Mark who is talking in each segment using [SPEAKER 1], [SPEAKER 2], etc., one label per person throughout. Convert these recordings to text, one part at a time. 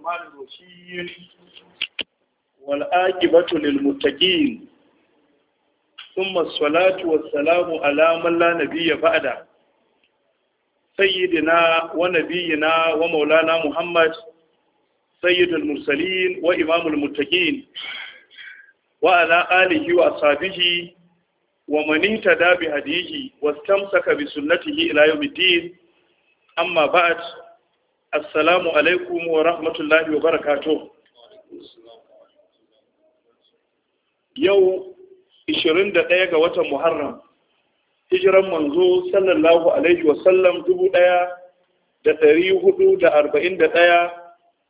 [SPEAKER 1] الرحمن الرحيم والآجبة للمتقين ثم الصلاة والسلام على من لا نبي بعده سيدنا ونبينا ومولانا محمد سيد المرسلين وإمام المتقين وعلى آله وأصحابه ومن اهتدى بهديه واستمسك بسنته إلى يوم الدين أما بعد assalamu alaikum wa rahmatullahi wa barakato yau 21 ga watan muharram hijiran manzo sallallahu alaihi wasallam 1441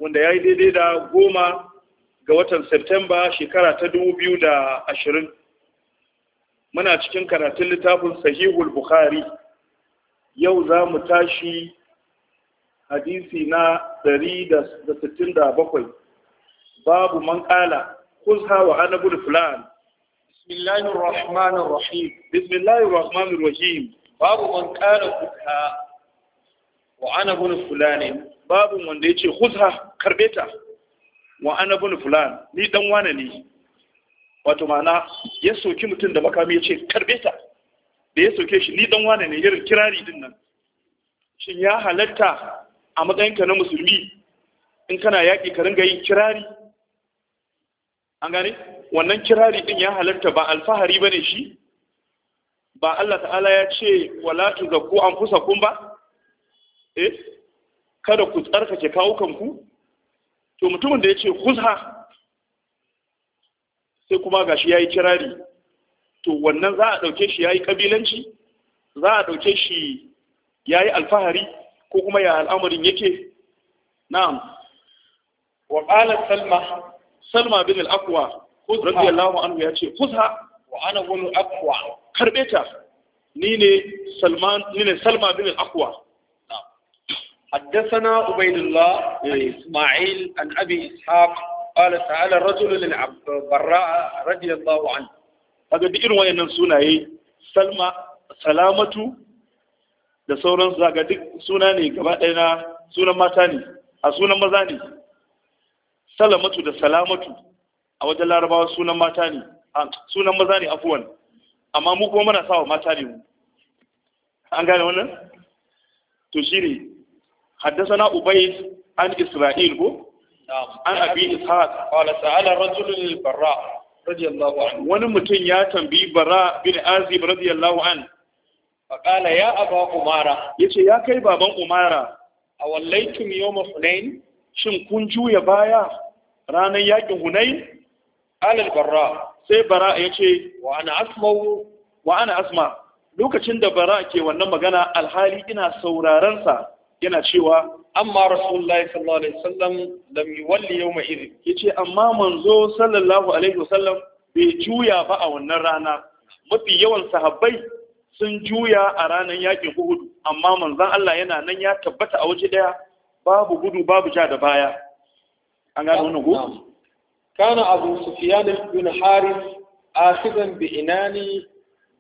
[SPEAKER 1] wanda ya yi daidai da goma ga watan septemba shekara ta 2020 muna cikin karatun littafin sahihul bukhari yau za mu tashi hadisi na 167 babu man qala khuzha wa ana bul fulan bismillahir rahmanir rahim bismillahir rahmanir rahim babu man qala khuzha wa ana fulan babu wanda yace kusa karbe ta wa ana bul fulan ni dan wane ne wato mana ya soki mutum da makami ya ce karbe ta da ya soke shi ni dan wane ne irin kirari din nan shin ya halatta a matsayinka na musulmi in kana yaƙi ka ringa yin kirari an gane wannan kirari din ya halarta ba alfahari ba ne shi ba Allah ta'ala ya ce wala kusa kun ba eh kada ku tsarkake kawo kanku to mutumin da ya ce kuzha sai kuma gashi ya yi kirari to wannan za a ɗauke shi ya yi ƙabilanci za a ɗauke shi ya yi alfahari ko kuma ya al'amarin yake na'am wa qala salma salma bin al-aqwa radiyallahu anhu ya ce fusha wa ana wal aqwa karbe ta ni ne salman ni ne salma bin al-aqwa حدثنا عبيد الله عن عن أبي إسحاق قال تعالى الرجل للبراء رضي الله عنه هذا بإن وين سلمى سلامة da sauransu za ga duk suna ne gaba ɗaya na sunan mata ne a sunan maza ne salamatu da salamatu a wajen larabawa sunan mata ne A sunan maza ne afuwan amma mu kuma muna sawa mata ne mu an gane wannan to shi ne haddasa na ubai an isra'il ko an abi ishaq wala sa'ala rajulun barra radiyallahu anhu wani mutum ya tambayi bara bin azib radiyallahu anhu faƙala ya aba umara ya ce ya kai baban umara a wallaitun yawma hunain shin kun juya baya ranar yakin hunain alal barra sai bara ya ce wa ana asma lokacin da bara ke wannan magana alhali ina sauraransa yana cewa amma rasulullahi sallallahu alaihi wasallam lam yuwalli yawma idh yace amma manzo sallallahu alaihi wasallam bai juya ba a wannan rana mafi yawan sahabbai sun juya a ranar yakin Uhud amma manzon Allah yana nan ya tabbata a waje daya babu gudu babu ja da baya an gano wannan gudu kana Abu Sufyan bin Harith akhidan bi inani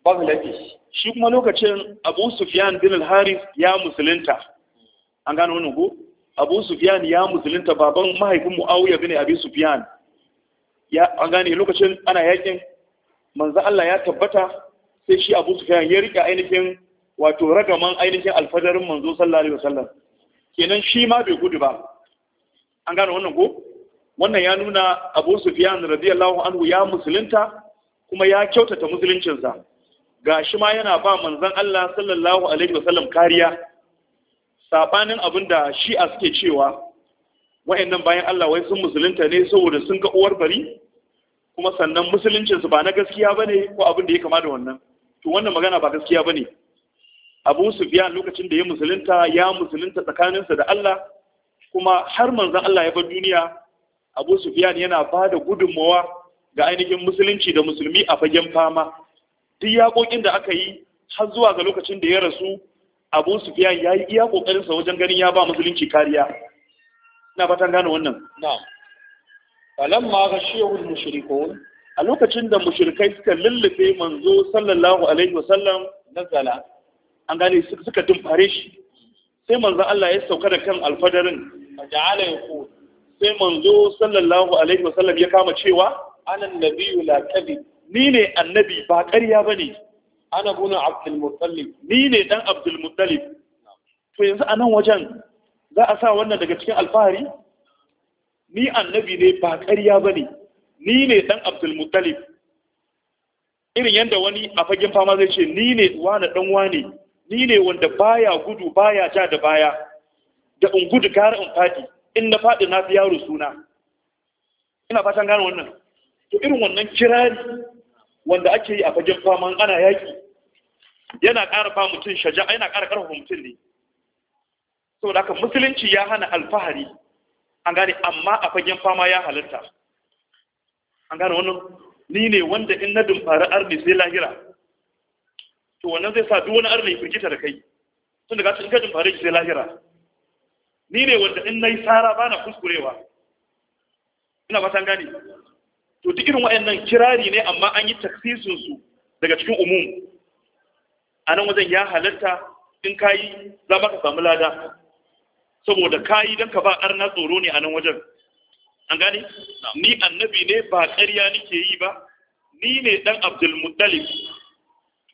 [SPEAKER 1] Bangladesh shi kuma lokacin Abu Sufyan bin Harith ya musulunta an gano wannan gudu Abu Sufyan ya musulunta baban mahaifin Muawiya bin Abi Sufyan ya an gane lokacin ana yakin manzo Allah ya tabbata sai shi abu su ya rike ainihin wato ragaman ainihin alfadarin manzo sallallahu alaihi wasallam kenan shi ma bai gudu ba an gane wannan ko wannan ya nuna abu sufiyan radiyallahu anhu ya musulunta kuma ya kyautata musuluncinsa ga shi ma yana ba manzon Allah sallallahu alaihi wasallam kariya sabanin abin da shi'a suke cewa wayannan bayan Allah wai sun musulunta ne saboda sun ga uwar bari kuma sannan musuluncinsu ba na gaskiya bane ko abin da ya kama da wannan to wannan magana ba gaskiya bane Abu Sufyan lokacin da ya musulunta ya musulunta tsakaninsa da Allah kuma har manzon Allah ya bar duniya Abu Sufyan yana ba da gudunmawa ga ainihin musulunci da musulmi a fagen fama duk yakokin da aka yi har zuwa ga lokacin da ya rasu Abu Sufyan ya yi iya ƙoƙarinsa wajen ganin ya ba musulunci kariya ina fatan gane wannan na'am falamma ghashiyahul mushrikun a lokacin da mushrikai suka lullube manzo sallallahu alaihi wasallam nazala an gane suka dumfare shi sai manzo Allah ya sauka da kan alfadarin ja'ala yaqul sai manzo sallallahu alaihi wasallam ya kama cewa ana nabiyyu la kadhib ni ne annabi ba ƙarya bane ana gona abdul muttalib ni ne dan abdul muttalib to yanzu a nan wajen za a sa wannan daga cikin alfahari ni annabi ne ba ƙarya bane ni ne dan abdulmuttalib irin yadda wani a fagen fama zai ce ni ne wani dan wani ni ne wanda baya gudu baya ja da baya da in gudu gara in fadi in na fadi na fi yaro suna ina fatan gane wannan to irin wannan kirari wanda ake yi a fagen fama ana yaki yana ƙara ba mutum shaja yana ƙara ƙarfafa mutum ne saboda haka musulunci ya hana alfahari an gane amma a fagen fama ya halitta. an gane wannan ni ne wanda in na dumfari arni sai lahira to wannan zai sa duk wani arni ya da kai tun da gasu in ka dumfari sai lahira ni ne wanda in na yi tsara ba na kuskurewa ina ba san gane to duk irin wa'annan kirari ne amma an yi taksisinsu daga cikin umum a nan wajen ya halatta in ka yi za ka samu lada saboda ka yi don ka ba arna tsoro ne a nan wajen an gani ni annabi ne ba ƙarya nake yi ba ni ne dan abdul muttalib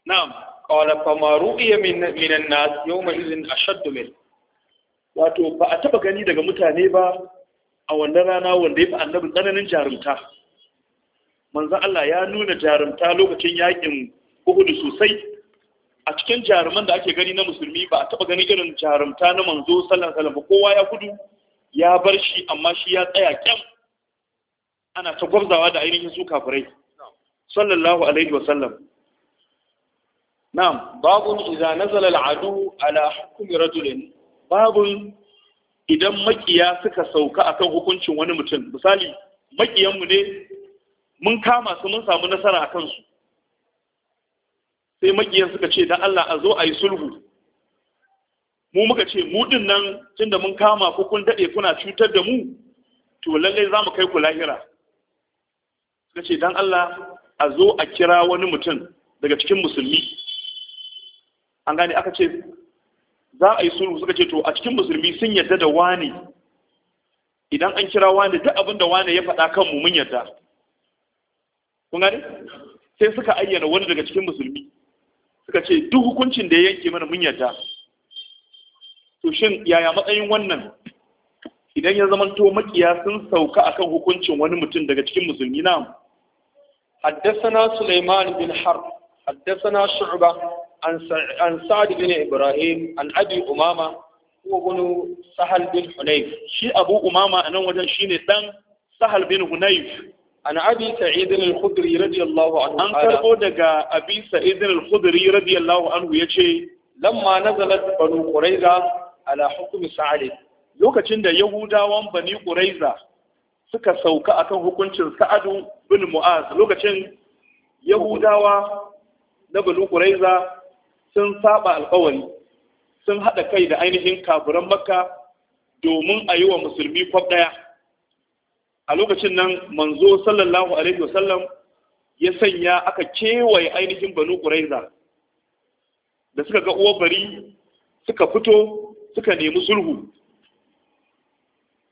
[SPEAKER 1] na'am qala fa ma ru'iya min min an-nas yawma idhin ashadd min wato ba a taba gani daga mutane ba a wannan rana wanda ya fi annabi tsananin jarumta manzo Allah ya nuna jarumta lokacin yakin Uhud sosai a cikin jaruman da ake gani na musulmi ba a taba gani irin jarumta na manzo sallallahu alaihi wasallam kowa ya gudu ya bar shi amma shi ya tsaya kyan ana ta gwabzawa da ainihin su kafirai sallallahu alaihi wa sallam na'am babun idan nazala al'adu ala hukmi rajulin babun idan makiya suka sauka akan hukuncin wani mutum misali makiyanmu ne mun kama su mun samu nasara akan su sai makiyan suka ce dan Allah a zo a yi sulhu mu muka ce mu din nan tunda mun kama ku kun dade kuna cutar da mu to lalle za mu kai ku lahira suka ce dan Allah a zo a kira wani mutum daga cikin musulmi an gane aka ce za a yi sulhu suka ce to a cikin musulmi sun yadda da wani idan an kira wani duk abin da wani ya faɗa kan mu mun yadda kun gane sai suka ayyana wani daga cikin musulmi suka ce duk hukuncin da ya yanke mana mun yadda shin yaya matsayin wannan idan ya zama to makiyasin sauka kan hukuncin wani mutum daga cikin musulmi na haddasana suleiman bin har haddasana shu'ba an sa'ad bin ibrahim an abi umama ko bunu sahal bin hunayf shi abu umama anan wajen shine dan sahal bin hunayf an abi sa'id al khudri radiyallahu anhu an karbo daga abi sa'id al khudri radiyallahu anhu yace lamma nazalat banu quraiza ala hukumi sa'alib lokacin da yahudawan bani ƙuraiza suka sauka akan hukuncin sa'adu bin mu'az lokacin yahudawa na bani ƙuraiza sun saba al'qawani, sun haɗa kai da ainihin kafiran makka domin a yi wa musulmi kwab daya a lokacin nan manzo sallallahu alaihi wasallam ya sanya aka kewaye ainihin Bani quraiza da suka ga uwar bari suka fito suka nemi sulhu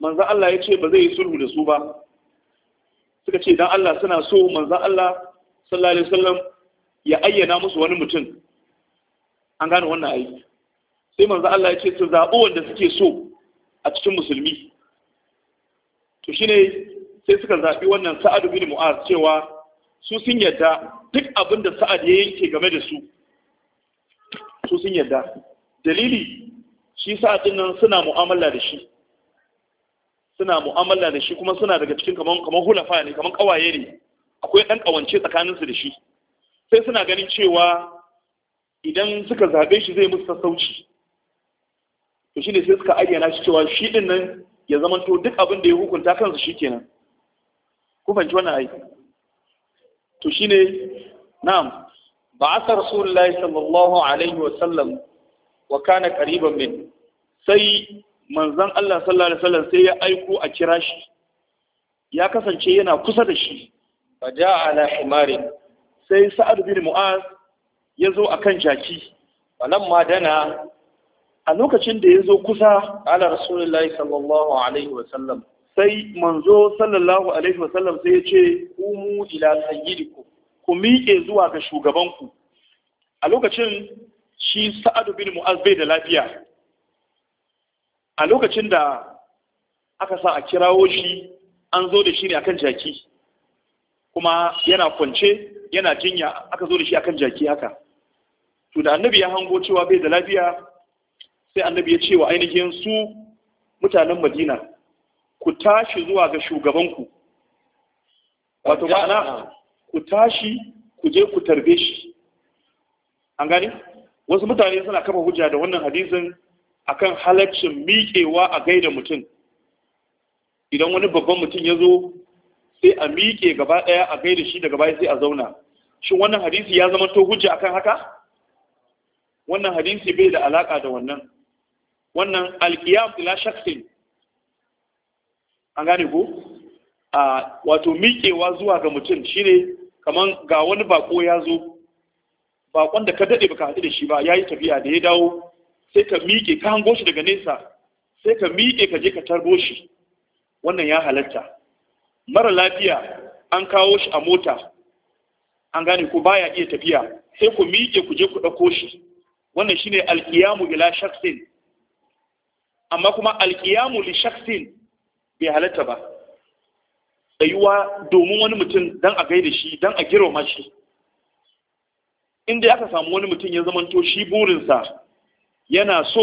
[SPEAKER 1] manzan Allah ya ce ba zai yi sulhu da su ba suka ce dan Allah suna so manzan Allah sallallahu alaihi wasallam ya ayyana musu wani mutum an gane wannan ayi sai manzan Allah ya ce su zaɓi wanda suke so a cikin musulmi to shine sai suka zaɓi wannan sa'adu bin mu'az cewa su sun yadda duk abin da sa'ad ya yanke game da su su sun yadda dalili shi sa din nan suna mu'amala da shi suna mu'amala da shi kuma suna daga cikin kaman kaman hulafa ne kaman kawaye ne akwai dan kawance tsakanin su da shi sai suna ganin cewa idan suka zabe shi zai musu sassauci to shine sai suka ayyana shi cewa shi ɗin nan ya to duk abin da ya hukunta kansu shikenan ku fahimci wannan ai to shine na'am ba'atha rasulullahi sallallahu alaihi wa sallam wa kana qariban min sai manzon Allah sallallahu alaihi wasallam sai ya aiko a kira shi ya kasance yana kusa da shi fa ja'a ala himarin sai sa'ad bin mu'az ya zo akan jaki ma dana a lokacin da ya zo kusa ala rasulullahi sallallahu alaihi wasallam sai manzo sallallahu alaihi wasallam sai ya ce umu ila sayyidiku ku miƙe zuwa ga shugabanku a lokacin shi Sa'ad bin mu'az bai da lafiya a lokacin da aka sa a kirawo shi an zo da shi ne akan jaki kuma yana kwance yana jinya aka zo da shi akan jaki haka to da annabi ya hango cewa bai da lafiya sai annabi ya ce wa ainihin su mutanen madina ku tashi zuwa ga shugabanku wato ma'ana ku tashi ku je ku tarbe shi an gani wasu mutane suna kafa hujja da wannan hadisin akan halaccin miƙewa a gaida mutum idan wani babban mutum ya zo sai a miƙe gaba ɗaya a gaida shi daga baya sai a zauna shin wannan hadisi ya zama to hujja akan haka wannan hadisi bai da alaƙa da wannan wannan alkiyam ila shaksin an gane ko a wato miƙewa zuwa ga mutum shine kaman ga wani bako ya zo bakon da ka daɗe baka haɗu da shi ba ya yi tafiya da ya dawo sai ka miƙe ka hango shi daga nesa sai ka miƙe ka je ka tarbo shi wannan ya halatta mara lafiya an kawo shi a mota an gane ku baya iya tafiya sai ku miƙe ku je ku ɗauko shi wannan shine alƙiyamu ila shaksin amma kuma alƙiyamu li shaksin bai halatta ba tsayuwa domin wani mutum don a gaida shi don a girma shi inda aka samu wani mutum ya zamanto shi burinsa yana so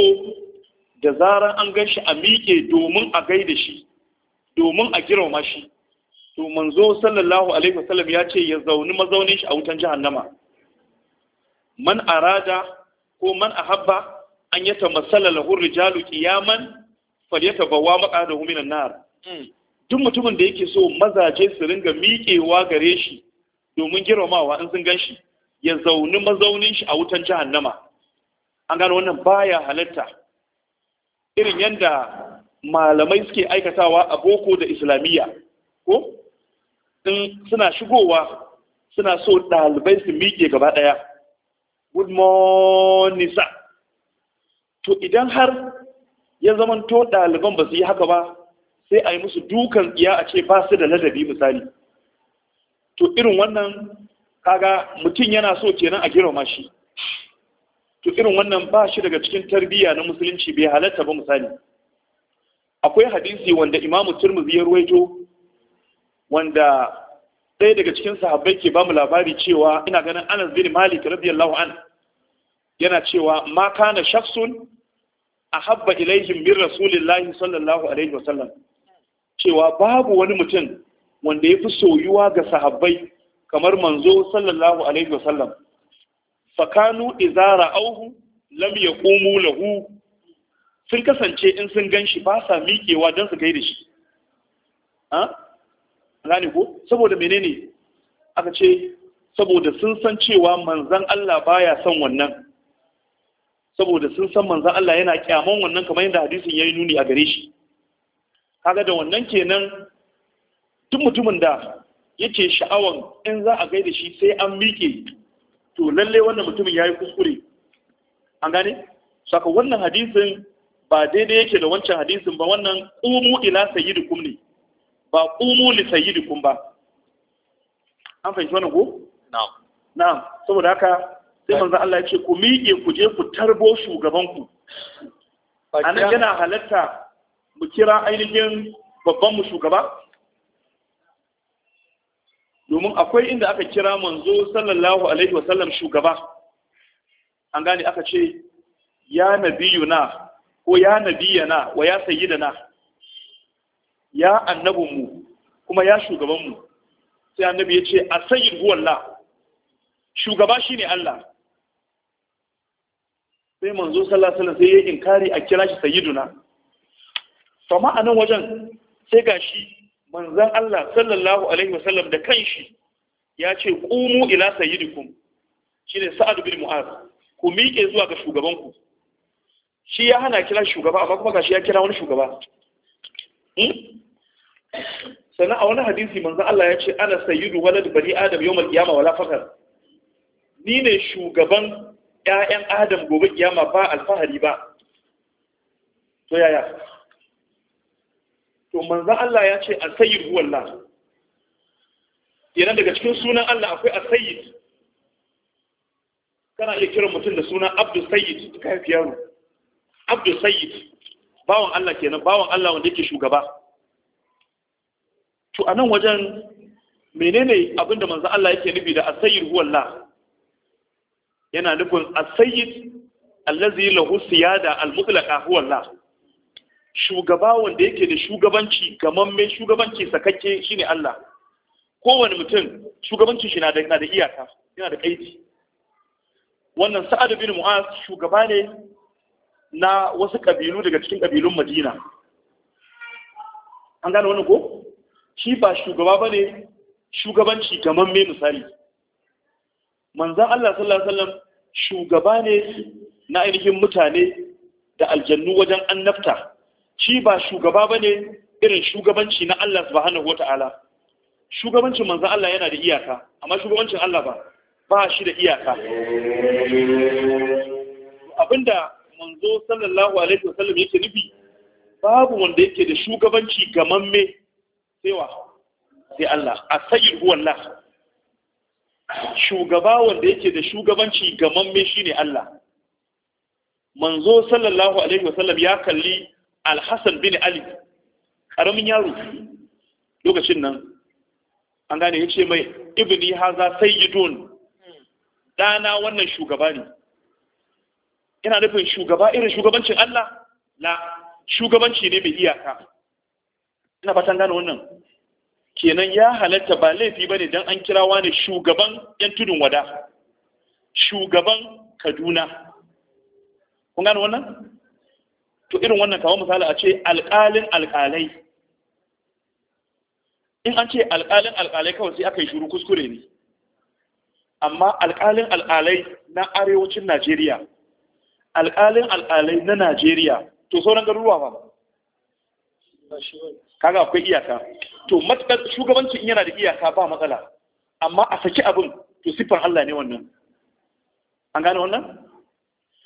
[SPEAKER 1] da zarar an gan shi a miƙe domin a gaida shi domin a girma shi to manzo sallallahu alaihi wasallam ya ce ya zauni mazaunin shi a wutan jahannama man arada ko man ahabba an yata masala rijalu qiyaman falyatabawa maqadahu minan nar hmm. duk mutumin da yake so mazaje su ringa miƙewa gare shi domin girmamawa in sun ganshi ya zauni mazaunin shi a wutan jahannama an gano wannan baya halatta irin yadda malamai suke aikatawa a boko da islamiyya ko in suna shigowa suna so ɗalibai su miƙe gaba ɗaya good morning sir to idan har ya zama to ɗaliban ba su yi haka ba sai a yi musu dukan iya a ce ba su da ladabi misali to irin wannan kaga mutum yana so kenan a girma shi to irin wannan ba shi daga cikin tarbiyya na musulunci bai halatta ba misali akwai hadisi wanda imamu turmuzi ya ruwaito wanda ɗaya daga cikin sahabbai ke bamu labari cewa ina ganin anas bin malik radiyallahu an yana cewa ma kana shakhsun ahabba ilaihim min rasulillahi sallallahu alaihi wasallam cewa babu wani mutum wanda ya fi soyuwa ga sahabbai kamar manzo sallallahu alaihi wasallam fakanu izara auhu lam yaqumu lahu sun kasance in sun gan shi ba sa miƙewa don su gaida shi shi ko saboda menene aka ce saboda sun san cewa manzan Allah baya son wannan saboda sun san manzan Allah yana kyaman wannan kamar yadda hadisin ya yi nuni a gare shi kaga da wannan kenan tun mutumin da yake sha'awan in za a gaida shi sai an miƙe to lalle wannan mutumin ya yi kuskure an gane saka wannan hadisin ba daidai yake da wancan hadisin ba wannan ƙumu ila sayyidukum ne ba ƙumu li sayyidukum ba an fahimci wannan ko na'am na'am saboda haka sai manzo Allah ya ce ku miƙe ku je ku tarbo shugabanku anan yana halatta mu kira ainihin babban mu shugaba domin akwai inda aka kira manzo sallallahu alaihi wasallam shugaba an gane aka ce ya nabiyuna ko ya nabiyana wa ya sayyidana ya annabinmu kuma ya shugabanmu sai annabi ya ce a sayin huwallah shugaba shi ne Allah sai manzo sallallahu alaihi wasallam sai ya inkari a kira shi sayyiduna to ma'anan wajen sai gashi manzan Allah sallallahu alaihi wasallam da kanshi ya ce qumu ila sayyidikum shine sa'ad bin mu'az ku miƙe zuwa ga shugabanku shi ya hana kira shugaba amma kuma gashi ya kira wani shugaba hmm? sannan a wani hadisi manzan Allah ya ce ana sayyidu walad bani adam yawmal qiyamah wala fakar ni ne shugaban ƴaƴan adam gobe kiyama ba alfahari ba to yaya to manzan Allah ya ce asayid huwallah yana daga cikin sunan Allah akwai asayid kana iya kiran mutum da sunan abdul sayyid ka haifi yaro abdul sayid bawan Allah kenan bawan Allah wanda yake shugaba to anan wajen menene abinda manzo Allah yake nufi da asayid huwallah yana nufin asayid allazi lahu siyada al-mutlaqa huwallah shugaba wanda yake da shugabanci mai shugabanci sakakke shine Allah kowane mutum shugabanci shi na da iyaka yana da kaidi wannan sa'ad bin mu'az shugaba ne na wasu kabilu daga cikin kabilun madina an gane wannan ko shi ba shugaba bane shugabanci mai misali manzon Allah sallallahu alaihi wasallam shugaba ne na ainihin mutane da aljannu wajen annabta shi ba shugaba ba ne irin shugabanci na Allah subhanahu wata'ala shugabancin manzan Allah yana da iyaka amma shugabancin Allah ba ba shi da iyaka abinda manzo sallallahu alaihi wasallam yake nufi babu wanda yake da shugabanci gamamme sai wa sai Allah a sayyid huwallah shugaba wanda yake da shugabanci gamamme ne Allah manzo sallallahu alaihi wasallam ya kalli alhassan bin ali karamin yaro lokacin nan an gane ya ce mai ibini haza sai yi don ɗana wannan shugaba ne yana nufin shugaba irin shugabancin Allah na shugabanci ne mai iyaka ina fatan gane wannan kenan ya halatta ba laifi ba ne don an kirawa wani shugaban 'yan tudun wada shugaban kaduna kun gane wannan to irin wannan kawo misali a ce alƙalin alƙalai in an ce alƙalin alƙalai kawai sai aka yi shuru kuskure ne amma alƙalin alƙalai na arewacin najeriya alƙalin alƙalai na najeriya to sauran garuruwa ba kaga akwai iyaka to matakar shugabanci in yana da iyaka ba matsala amma a saki abin to siffar Allah ne wannan an gane wannan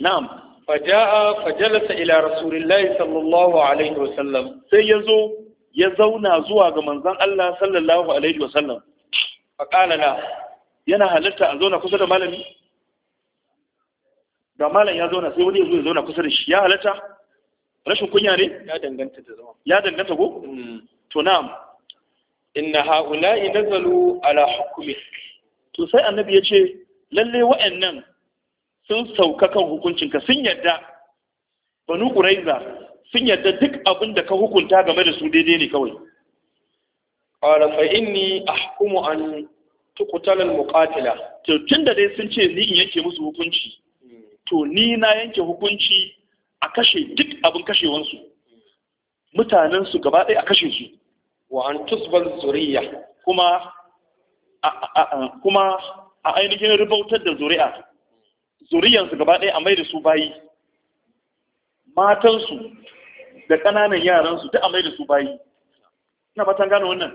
[SPEAKER 1] na'am faja'a fajalasa ila rasulillahi sallallahu alaihi wasallam sai ya zo ya zauna zuwa ga manzan Allah sallallahu alaihi wasallam faqala la yana halitta a zauna kusa da malami da malam ya zauna sai wani ya zo ya zauna kusa da shi ya halatta rashin kunya ne ya danganta da ko to na'am inna haula'i nazalu ala hukmi to sai annabi ya ce lalle wa'annan sun sauka kan hukuncinka sun yadda banu ƙuraiza sun yadda duk abin da ka hukunta game da su daidai ne kawai ƙwara fa inni hukumu an tuqtalal muƙatila. to da dai sun ce ni in yanke musu hukunci to ni na yanke hukunci a kashe duk abin kashewansu mutanen su gaba ɗaya a kashe su wa an tusbal zuriya kuma a ainihin rubautar da zuri'a zuriyansu gaba ɗaya a mai da su bayi matansu da ƙananan yaransu duk a mai da su bayi na fatan gano wannan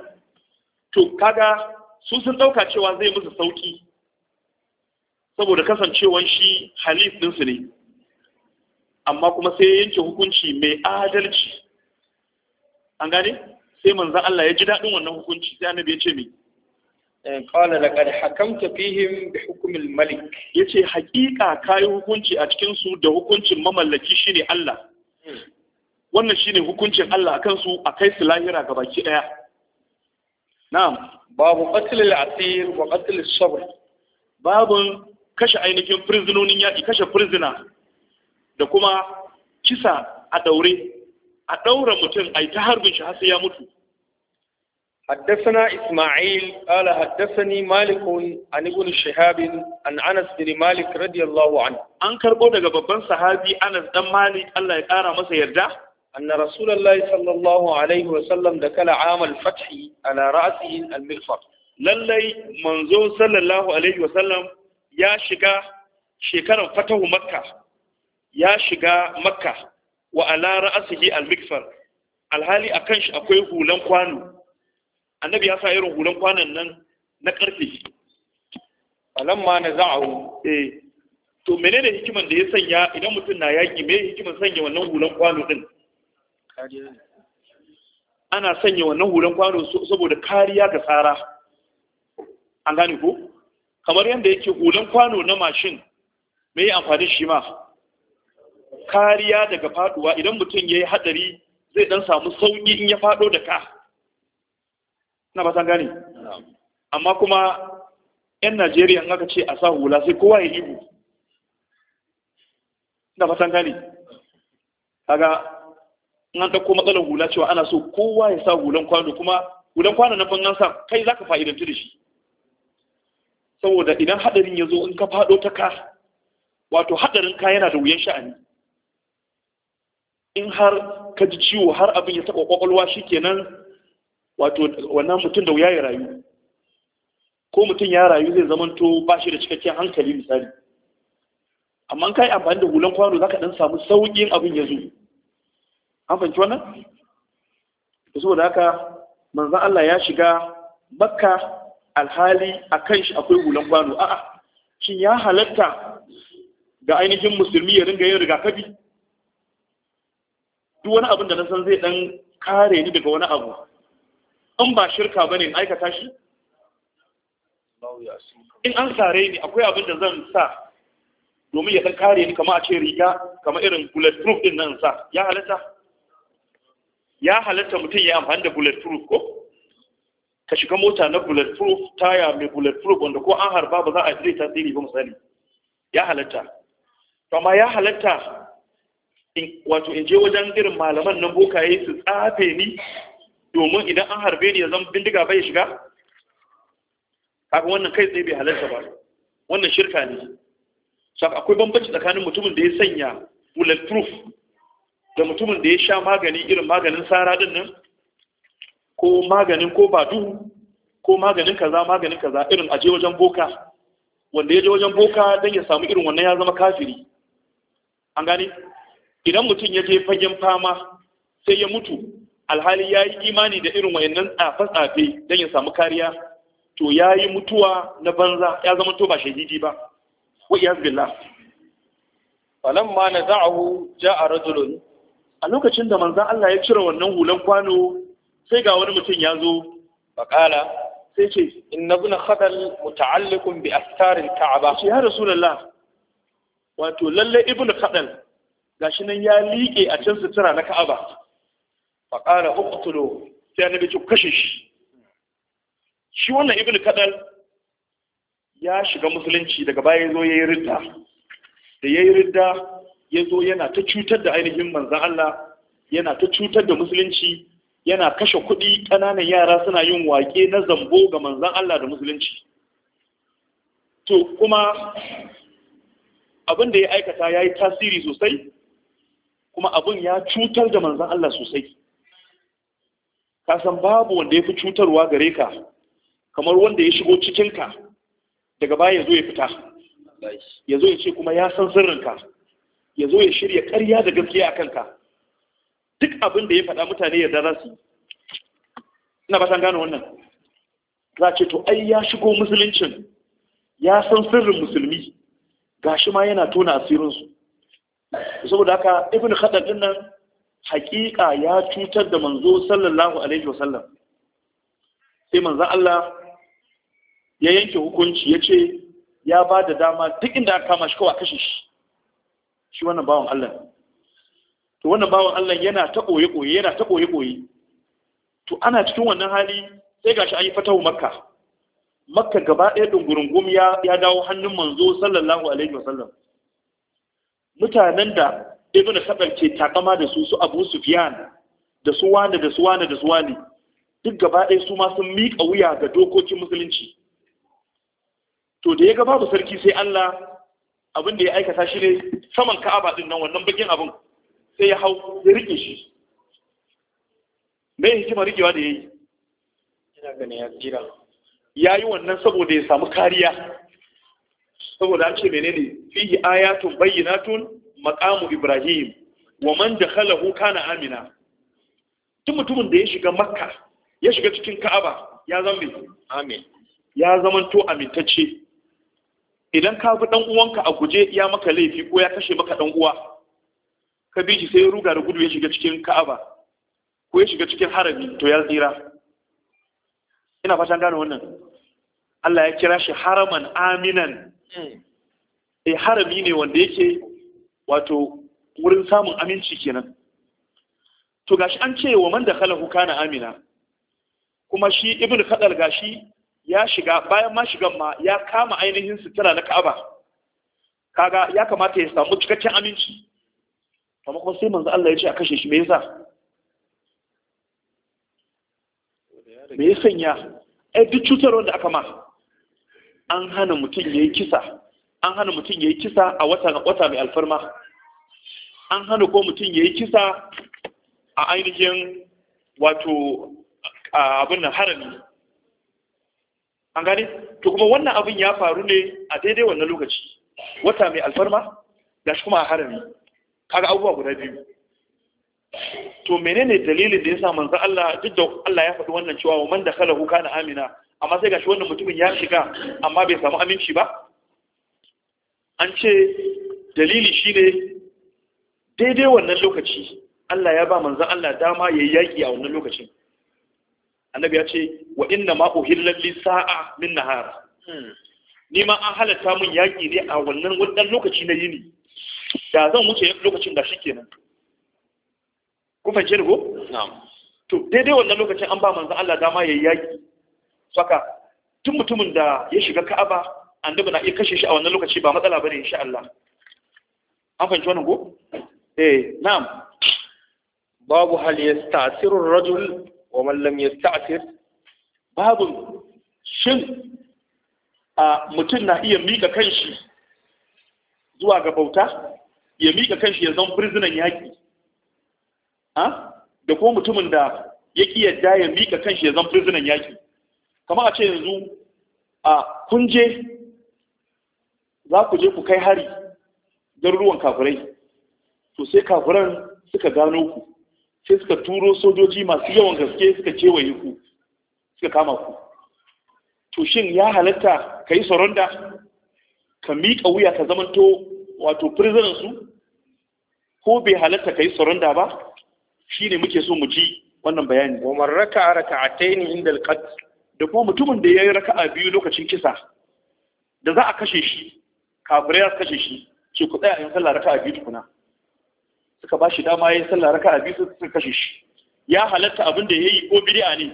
[SPEAKER 1] to kaga su sun ɗauka cewa zai musu sauki saboda kasancewan shi halif ɗinsu ne amma kuma sai yanke hukunci mai adalci an gane sai manzan Allah ya ji daɗin wannan hukunci sai annabi ya ce mai قال لقد حكمت فيهم بحكم الملك يتي malik كاي حكمتي kai hukunci a cikin su da hukuncin mamallaki shine Allah hmm. wannan shine hukuncin Allah akan su akai su lahira baki daya na'am babu qatl al asir wa qatl al sabr babu kashe ainihin prisonin yaƙi kashe prisoner da kuma kisa a daure a daura mutum a yi ta harbin shi har sai ya mutu حدثنا إسماعيل قال حدثني مالك عن ابن شهاب عن أنس بن مالك رضي الله عنه أن كربو daga babban sahabi Anas dan Malik Allah ya kara masa yarda أن رسول الله صلى الله عليه وسلم دخل عام الفتح على رأسه المغفر lallai manzo sallallahu alaihi wasallam ya shiga shekarar fatahu makka ya shiga makka wa alara ra'asihi al alhali akan shi akwai hulan kwano annabi ya sa irin hulan kwanan nan na karfe ma na za'ahu eh to menene hikiman da ya sanya idan mutum na yaki me hikiman sanya wannan hulan kwano din ana sanya wannan hulan kwano saboda kariya ga tsara an gane ko kamar yadda yake hulan kwano na mashin me yi amfani shi ma kariya daga faduwa idan mutum ya yi hadari zai dan samu sauki in ya fado da ka na ba san gane amma kuma yan Najeriya in aka ce a sa hula sai kowa ya ihu na ba san gane kaga an dauko matsalar hula cewa ana so kowa ya sa hulan kwano kuma hulan kwano na fangan sa kai zaka fa'idantu da shi saboda idan hadarin ya zo in ka fado ta ka wato hadarin ka yana da wuyan sha'ani in har ka ji ciwo har abin ya taɓa ƙwaƙwalwa shi kenan wato wannan mutum da wuya ya rayu ko mutum ya rayu zai zamanto ba shi da cikakken hankali misali amma ka yi amfani da hulan kwano za ka ɗan samu sauƙin abin ya zo an fahimci wannan da saboda haka manzan Allah ya shiga makka alhali a kan shi akwai hulan kwano a'a shin ya halatta ga ainihin musulmi ya ringa yin rigakafi duk wani abin da na san zai ɗan kare ni daga wani abu in ba shirka ba ne in aikata shi in an sare ni akwai abin da zan sa domin ya ɗan kare ni kama a ce riga kama irin bulletproof din nan sa ya halatta ya halatta mutum ya amfani da bulletproof ko ka shiga mota na bulletproof taya mai bulletproof wanda ko an harba ba za a zai tasiri ba misali ya halatta to amma ya halatta wato in je wajen irin malaman nan bokaye su tsafe ni domin idan an harbe ni ya zama bindiga bai shiga haka wannan kai tsaye bai halarta ba wannan shirka ne saka akwai bambanci tsakanin mutumin da ya sanya bulletproof da mutumin da ya sha magani irin maganin sara din nan ko maganin ko badu ko maganin kaza maganin kaza irin aje wajen boka wanda ya je wajen boka don ya samu irin wannan ya zama kafiri an gane idan mutum ya je fagen fama sai ya mutu alhali ya yi imani da irin wayannan tsafe-tsafe don ya samu kariya to ya yi mutuwa na banza ya zama to ba shahidi ba wa iyaz na falamma ja a rajulun a lokacin da manzon Allah ya cire wannan hulan kwano sai ga wani mutum ya zo faqala sai ce inna ibn khadal muta'alliqun bi astaril ka'aba ya rasulullah wato lalle Ibnu khadal gashi nan ya liƙe a can sutura na ka'aba faƙara uqtulu sai annabi ce kashe shi shi wannan ibn kadal ya shiga musulunci daga baya zo yayi ridda da yayi ridda ya zo yana ta cutar da ainihin manzan Allah yana ta cutar da musulunci yana kashe kuɗi ƙananan yara suna yin waƙe na zambo ga manzan Allah da musulunci to kuma abin da ya aikata ya yi tasiri sosai kuma abin ya cutar da manzan Allah sosai kasan babu wanda ya fi cutarwa gare ka kamar wanda ya shigo cikinka daga baya ya zo ya fita ya zo ya ce kuma ya san sirrinka ya zo ya shirya karya da gaskiya a kanka duk abin da ya faɗa mutane ya za su ina ba san gane wannan za ce to ai ya shigo musuluncin ya san sirrin musulmi gashi ma yana tona asirinsu saboda haka ibn khadar nan hakika ya cutar da manzo sallallahu alaihi wasallam sai manzo Allah ya yanke hukunci ya ce ya ba da dama duk inda aka kama shi kawai kashe shi shi wannan bawan Allah to wannan bawan Allah yana ta koye koye yana ta koye koye to ana cikin wannan hali sai gashi an yi fatahu makka makka gaba ɗaya dungurungum ya ya dawo hannun manzo sallallahu alaihi wasallam mutanen da ibn sabal ke takama da su su abu sufyan da su wani da su wani da su wani duk gaba ɗaya su ma sun miƙa wuya ga dokokin musulunci to da ya ga babu sarki sai Allah abin da ya aikata shi ne saman ka'aba din nan wannan bakin abin sai ya hau ya rike shi mai hikima rikewa da ya yi ina gane ya jira ya yi wannan saboda ya samu kariya saboda an ce menene fihi ayatun bayyinatun maqamu ibrahim wa man dakhalahu kana amina duk mutumin da ya shiga makka ya shiga cikin ka'aba ya zama amin ya zama to amintacce idan ka bi dan uwanka a guje ya maka laifi ko ya kashe maka dan uwa ka bi shi sai ya ruga da gudu ya shiga cikin ka'aba ko ya shiga cikin harami to ya tsira ina fatan gane wannan Allah ya kira shi haraman aminan mm. eh harami ne wanda yake wato wurin samun aminci kenan to gashi an ce wa man da huka kana amina kuma shi ibnu kadal gashi ya shiga bayan ma shigan ma ya kama ainihin sutura na Ka'aba kaga ya kamata ya samu cikakken aminci amma kuma sai manzo Allah ya ce a kashe shi me yasa me ya ai duk cutar wanda aka ma an hana mutum yayi kisa an hana mutum ya yi kisa a wata mai alfarma an hana ko mutum ya yi kisa a ainihin wato abin harami an gane to kuma wannan abin ya faru ne a daidai wannan lokaci wata mai alfarma da shi kuma a harami kaga abubuwa guda biyu to menene dalilin da ya sa manzo Allah duk da Allah ya faɗi wannan cewa man da khalahu kana amina amma sai gashi wannan mutumin ya shiga amma bai samu aminci ba an ce dalili shine daidai wannan lokaci Allah ya ba manzan Allah dama ya yi yaƙi a wannan lokacin annabi ya ce wa inna ma uhillat li sa'a min nahar hmm. ni ma an halatta mun yaƙi ne a wannan wannan lokaci na yini da zan wuce lokacin da shikenan ku fahimce ne ko na'am to daidai wannan lokacin an ba manzan Allah dama ya yi yaƙi saka tun mutumin da ya shiga Ka'aba annabi na iya kashe shi a wannan lokaci ba matsala bane insha Allah an fahimci wannan ko eh na'am babu hal yasta'siru ar-rajul wa man lam yasta'sir babu shin a mutum na iya mika kanshi zuwa ga bauta ya mika kanshi ya zama prisoner yaki ha da kuma mutumin da ya ki yadda ya mika kanshi ya zama prisoner yaki kamar a ce yanzu a kunje za ku je ku kai hari garuruwan kafirai to sai kafiran suka gano ku sai suka turo sojoji masu yawan gaske suka kewaye ku suka kama ku to shin ya halatta ka yi saronda ka miƙa wuya ka zamanto wato prisoner su ko bai halatta ka yi saronda ba Shi ne muke so mu ji wannan bayani wa man raka'a raka'atayn inda al da kuma mutumin da yayi raka'a biyu lokacin kisa da za a kashe shi kafirai su kashe shi ce ku tsaya in sallah raka'a biyu tukuna suka ba shi dama yayin sallah raka'a biyu suka kashe shi ya halatta abin da yayi ko bid'a ne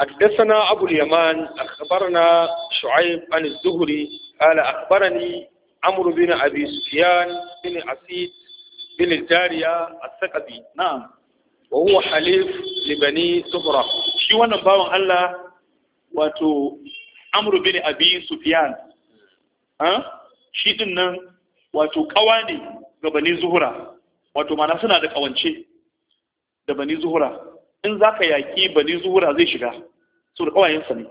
[SPEAKER 1] حدثنا أبو اليمان أخبرنا شعيب عن الزهري قال أخبرني عمرو بن أبي سفيان بن عسيد بن الجارية الثقفي نعم وهو حليف لبني زهرة شي wannan bawan Allah wato Amr bin Abi shi din nan wato kawa ne ga bani zuhura wato mana suna da kawance da bani zuhura in za ka yaƙi bani zuhura zai shiga su da kawayensa ne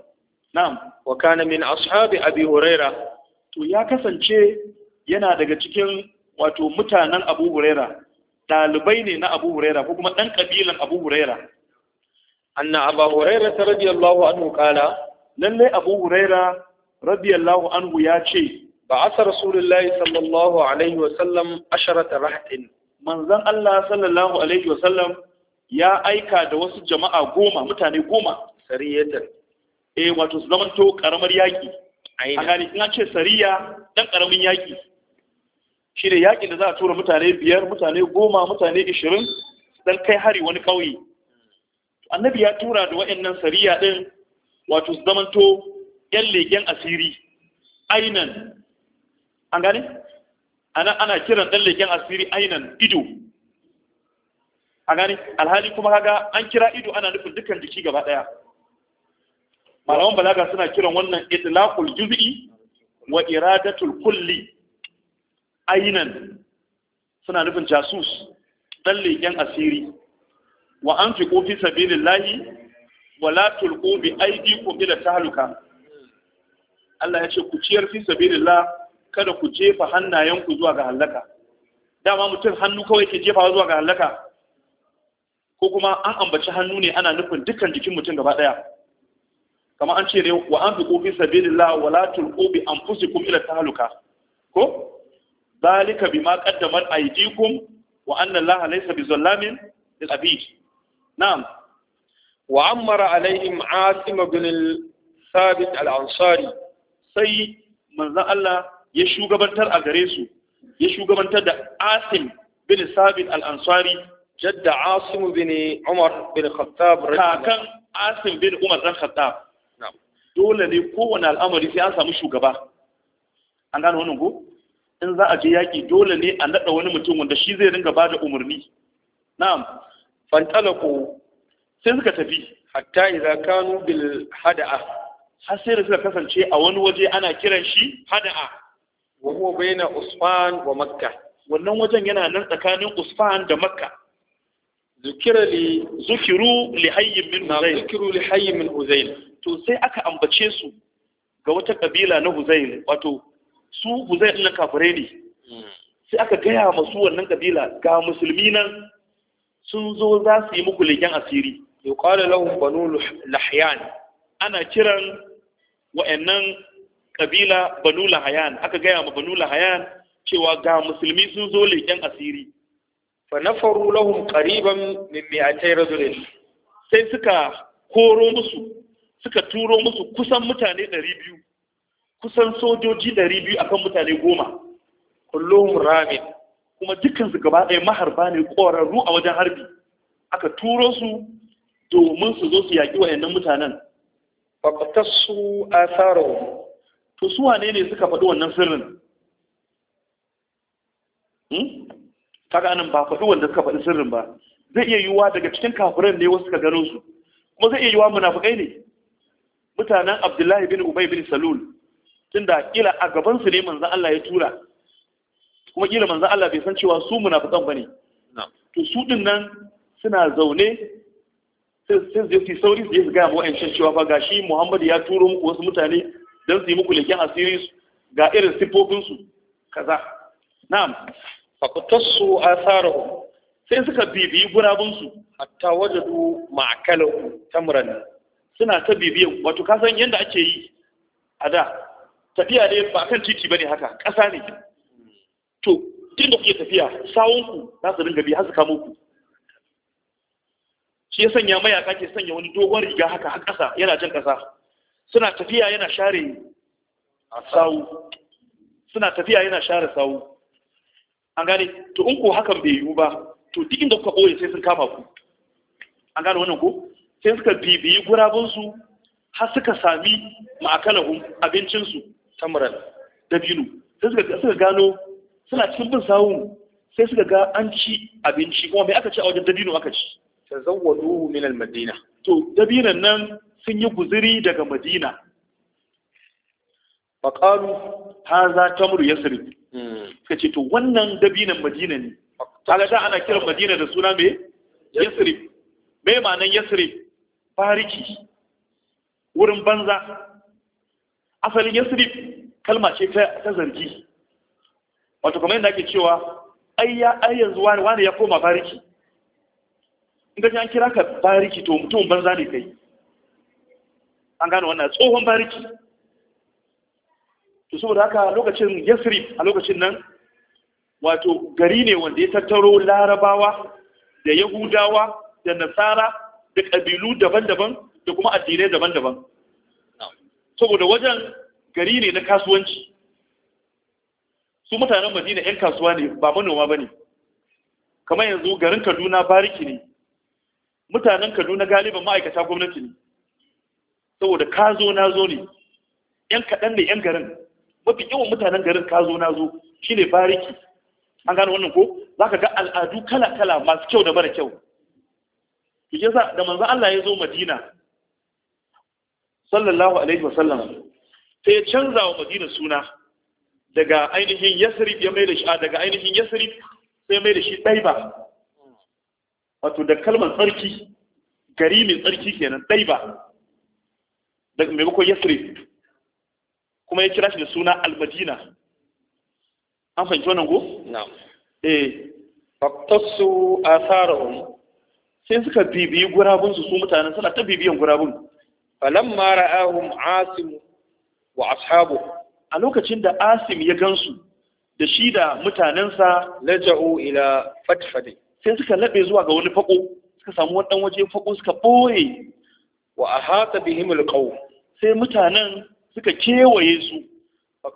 [SPEAKER 1] na'am wa kana min ashabi abi huraira to ya kasance yana daga cikin wato mutanen abu huraira Dalibai ne na abu huraira ko kuma ɗan ƙabilan abu huraira anna abu huraira ta radiyallahu anhu kala lallai abu huraira radiyallahu anhu ya ce ba asa rasulullahi sallallahu alaihi wasallam asharata rahatin Manzan Allah sallallahu alaihi wasallam ya aika da wasu jama'a goma mutane goma sariyatar eh wato su zamanto karamar yaki a gani ina ce sariya dan karamin yaki shi da yaki da za a tura mutane biyar mutane goma mutane ishirin dan kai hari wani kauye annabi ya tura da wa'annan sariya din wato su zamanto yan legen asiri ainan an gane ana ana kiran ɗan legen asiri ainan ido an gane alhali kuma kaga an kira ido ana nufin dukkan jiki gaba ɗaya. malaman balaga suna kiran wannan itlaqul juz'i wa iradatul kulli ainan suna nufin jasus dan legen asiri wa anfiqu fi sabilillahi wa la tulqu bi aydikum ila tahluka Allah ya ce ku ciyar fi sabilillah kada ku jefa hannayenku zuwa ga halaka dama mutum hannu kawai ke jefawa zuwa ga halaka ko kuma an ambaci hannu ne ana nufin dukkan jikin mutum gaba daya kamar an ce ne wa an fi kofi sabilillah wa la tulqu bi anfusikum ila tahluka ko zalika bima qaddamat aydikum wa anna allaha laysa bizallamin lil abid na'am wa amara alaihim asim bin al-thabit al-ansari sai manzan Allah ya shugabantar a gare su ya shugabantar da Asim bin Sabit al jadda Asim bin Umar bin Khattab kakan Asim bin Umar dan Khattab dole ne kowane al'amari sai an samu shugaba an gano wannan ko in za a je yaƙi dole ne a naɗa wani mutum wanda shi zai ringa ba da umarni na'am fantalako sai suka tafi hatta idza kanu bil hada'a har sai da suka kasance a wani waje ana kiran shi hada'a wa huwa baina usfan wa makka wannan wajen yana nan tsakanin usfan da makka zukira li zukiru li hayyin min Uzayl. zukiru li hayyin min Uzayl. to sai aka ambace su ga wata kabila na Uzayl wato su Uzayl din kafirai ne hmm. sai aka gaya masu wannan kabila ga musulmi nan sun zo za su yi muku leken asiri yuqalu lahum banu lahyan ana kiran wa'annan kabila banu lahayan aka gaya ma banu lahayan cewa ga musulmi sun zo leƙen asiri fa nafaru lahum qariban min mi'atay rajulin sai suka koro musu suka turo musu kusan mutane 200 kusan sojoji 200 akan mutane goma Kullum ramin kuma dukkan su gaba ɗaya maharba ne ƙwararru a wajen harbi aka turo su domin su zo su yaƙi wa'annan mutanen faƙatassu a to su wane ne suka faɗi wannan sirrin hmm? kaga anan ba faɗi wanda suka faɗi sirrin ba zai iya yiwuwa daga cikin kafiran ne wasu suka gano su kuma zai iya yiwuwa munafukai ne mutanen abdullahi bin ubay bin salul tunda kila a gaban su ne manzo Allah ya tura kuma kila manzo Allah bai san cewa su munafukan bane to su din nan suna zaune sai su yi sauri su je su gaya ma wa'ancan ba, ga shi Muhammadu ya turo muku wasu mutane don su yi muku leken asiri ga irin siffofinsu kaza na'am fakutassu asarahu sai suka bibiyi gurabunsu hatta wajadu ma'akalahu tamran suna ta bibiyan wato ka san yadda ake yi a da tafiya ne ba kan titi ba ne haka ƙasa ne to tun da kuke tafiya sawunku za su dinga bi har su kamo ku shi ya sanya mayaka ke sanya wani dogon riga haka har ƙasa yana jan ƙasa suna tafiya yana share sawu suna tafiya yana share sawu an gane to in ko hakan bai yiwu ba to duk inda kuka ɓoye sai sun kama ku an gane wannan ko sai suka bibiyi gurabinsu har suka sami ma'akalahun abincinsu tamaran dabino sai suka gano suna cikin bin sawun sai suka ga an ci abinci kuma mai aka ci a wajen dabino aka ci tazawwaduhu min al-madina to dabinan nan sun yi guzuri daga madina qalu hadha tamru yasrib hmm. kace to wannan dabinan madina ne kaga da ana kiran madina da suna me yasrib me ma'ana yasrib fariki wurin banza asalin yasrib kalma ce ta zargi wato kamar yadda ake cewa ai ya ai yanzu wani ya koma fariki in gaji an kira ka bariki to mutum banza ne kai an gano wannan tsohon bariki to saboda haka lokacin yasrib a lokacin nan wato gari ne wanda ya tattaro larabawa da yahudawa da nasara da ƙabilu daban-daban da kuma addinai daban-daban saboda wajen gari ne na kasuwanci su mutanen madina 'yan kasuwa ne ba manoma ba ne kamar yanzu garin kaduna bariki ne mutanen kaduna galiban ma'aikata gwamnati ne saboda ka zo na zo ne yan kaɗan ne yan garin mafi yawan mutanen garin ka zo na zo ne bariki an gano wannan ko za ka ga al'adu kala-kala masu kyau da mara kyau yasa da manzo Allah ya zo Madina sallallahu alaihi wasallam sai ya canza wa Madina suna daga ainihin Yasrib ya mai da shi daga ainihin Yasrib sai mai da shi Taiba wato da kalmar tsarki gari mai tsarki kenan dai ba da maimakon yasri kuma ya kira shi da suna almadina an fahimci wannan ko? na'am eh faktasu asarahum sai suka bibiyi gurabun su su mutanen suna ta bibiyan gurabun falamma ra'ahum asim wa ashabu a lokacin da asim ya gansu da shi da mutanensa laja'u ila fatfadi sai suka laɓe zuwa ga wani fako suka samu wani waje fako suka ɓoye wa a haka bihim ƙau. sai mutanen suka kewaye su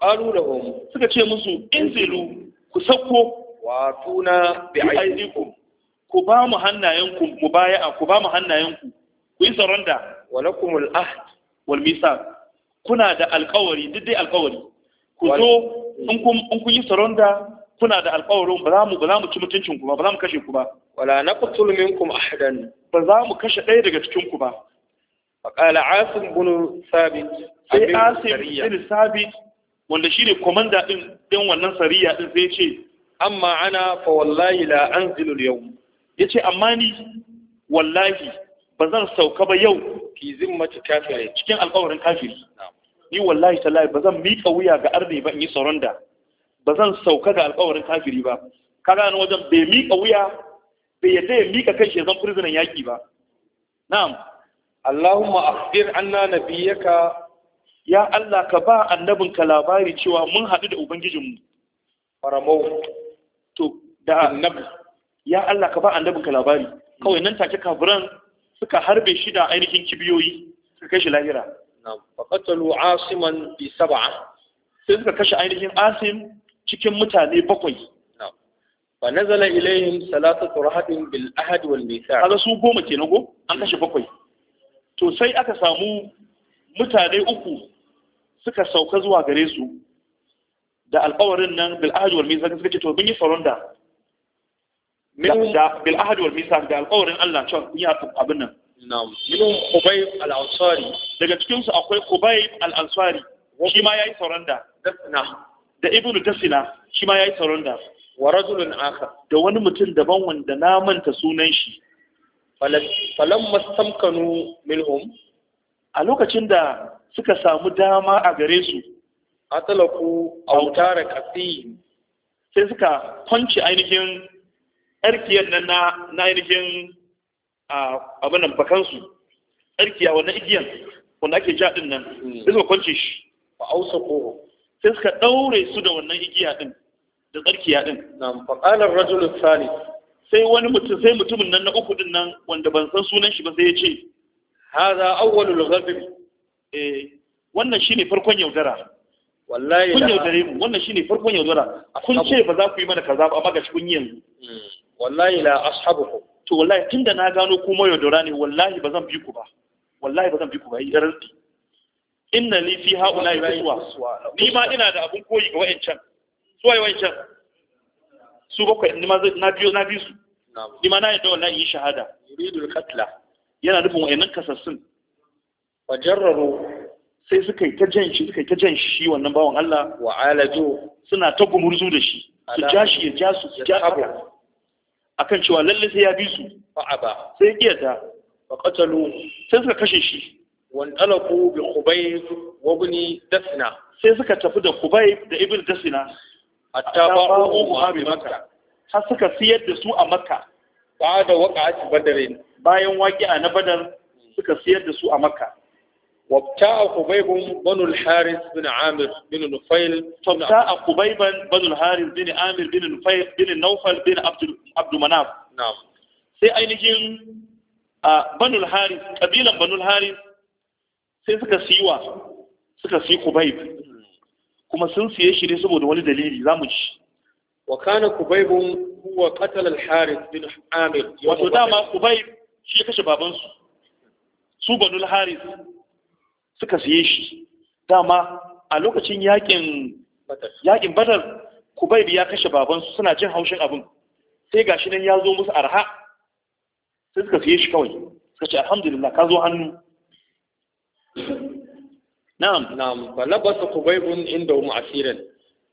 [SPEAKER 1] ƙaru da homo suka ce musu inzilu ku sauko wa tuna bi aiziku ku ba mu hannayenku mu baya ku ba mu hannayenku ku yi da. walakumul ahd wal misa kuna da alƙawari duk dai alƙawari ku zo in kun yi da. kuna da alƙawarin ba za mu ba za mu ci mutuncin ku ba ba za mu kashe ku ba wala naqtul minkum ahadan ba za mu kashe ɗaya daga cikin ku ba faqala asim bin sabit sai asim bin sabit wanda shine komanda din din wannan sariya din sai ce amma ana fa wallahi la anzilu al-yawm yace amma ni wallahi ba zan sauka ba yau fi zimmati kafire cikin alƙawarin kafiri ni wallahi tallahi ba zan miƙa wuya ga arde ba in yi tsaron ba zan sauka ga alkawarin kafiri ba kaga nan wajen bai miƙa wuya bai yadda ya miƙa kan shi zan yaƙi ba na'am Allahumma akhbir anna nabiyyaka ya Allah ka ba ka labari cewa mun haɗu da ubangijinmu faramau to da annabi ya Allah ka ba ka labari kawai nan take kafiran suka harbe shi da ainihin kibiyoyi suka kai shi lahira faqatalu asiman bi sab'a sai suka kashe ainihin asim cikin mutane bakwai fa nazala ilaihim salatu rahadin bil ahad wal mithaq kaga su goma kenan go an kashe bakwai to sai aka samu mutane uku suka sauka zuwa gare su da alƙawarin nan bil ahad wal mithaq suka ce to mun yi faranda da bil ahad wal mithaq da alƙawarin Allah cewa kun yi abin nan na'am minhum khubayb al ansari daga cikinsu akwai khubayb al ansari shi ma yayi faranda na'am da ibnu tasila shi ma yayi saranda wa rajulun akhar da wani mutum daban wanda na manta sunan shi falam mastamkanu minhum a lokacin da suka samu dama a gare su atalaku autara kasi sai suka kwanci ainihin arkiyar nan na ainihin abin bakan su arkiya wannan igiyan wanda ake ja din nan hmm. sai suka kwanci shi ba ausa ko sai suka ɗaure su da wannan igiya ɗin, da tsarkiya ɗin. na'am fa rajulun sani. sai wani mutum sai mutumin nan na uku ɗin nan wanda ban san sunan shi ba sai ya ce za a ghadab eh wannan ne farkon yaudara wallahi kun yaudare mu wannan ne farkon yaudara kun ce ba za ku yi mana kaza ba amma ga kun yanzu hmm, wallahi la ashabukum to wallahi tunda na gano kuma yaudara ne wallahi ba zan bi ku ba wallahi ba zan bi ku ba yi rarrafi inna ni fi haula kuswa. ni ma ina da abun koyi ga wayancan su waye wayancan su bakwai ni ma na biyo na biyo su ni ma na yadda wannan yi shahada yuridul qatla yana nufin wayannan kasassun wajarraru sai suka yi ta jan shi suka yi ta jan shi wannan bawan Allah wa alaju suna ta gumurzu da shi su ja shi ya ja su su ja haka akan cewa lalle sai ya bi su fa'aba sai kiyata wa qatalu sai suka kashe shi wantalaku bi Khubay wa ibn Dasna sai suka tafi da Khubay da ibn Dasna hatta ba'u bi Makka har suka siyar da su a Makka Bada da waqa'at bayan waqi'a na Badar suka siyar da su a Makka وابتاع قبيب بن الحارث Amir عامر بن نفيل وابتاع قبيبا بن الحارث بن عامر بن نفيل بن نوفل بن عبد عبد مناف نعم sai ainihin banul kabilan banul sai suka wa suka siyi kubaib kuma sun siye shi ne saboda wani dalili za mu ci wa kana kubaibun huwa qatala al-harith bin amir wato dama kubaib shi kashe babansu su al harith suka siye shi dama a lokacin yakin yakin badar kubaib ya kashe babansu suna jin haushin abin sai gashi nan ya zo musu arha sai suka siye shi kawai suka ce alhamdulillah ka zo hannu na'am na'am falabasa kubaybun indahum asiran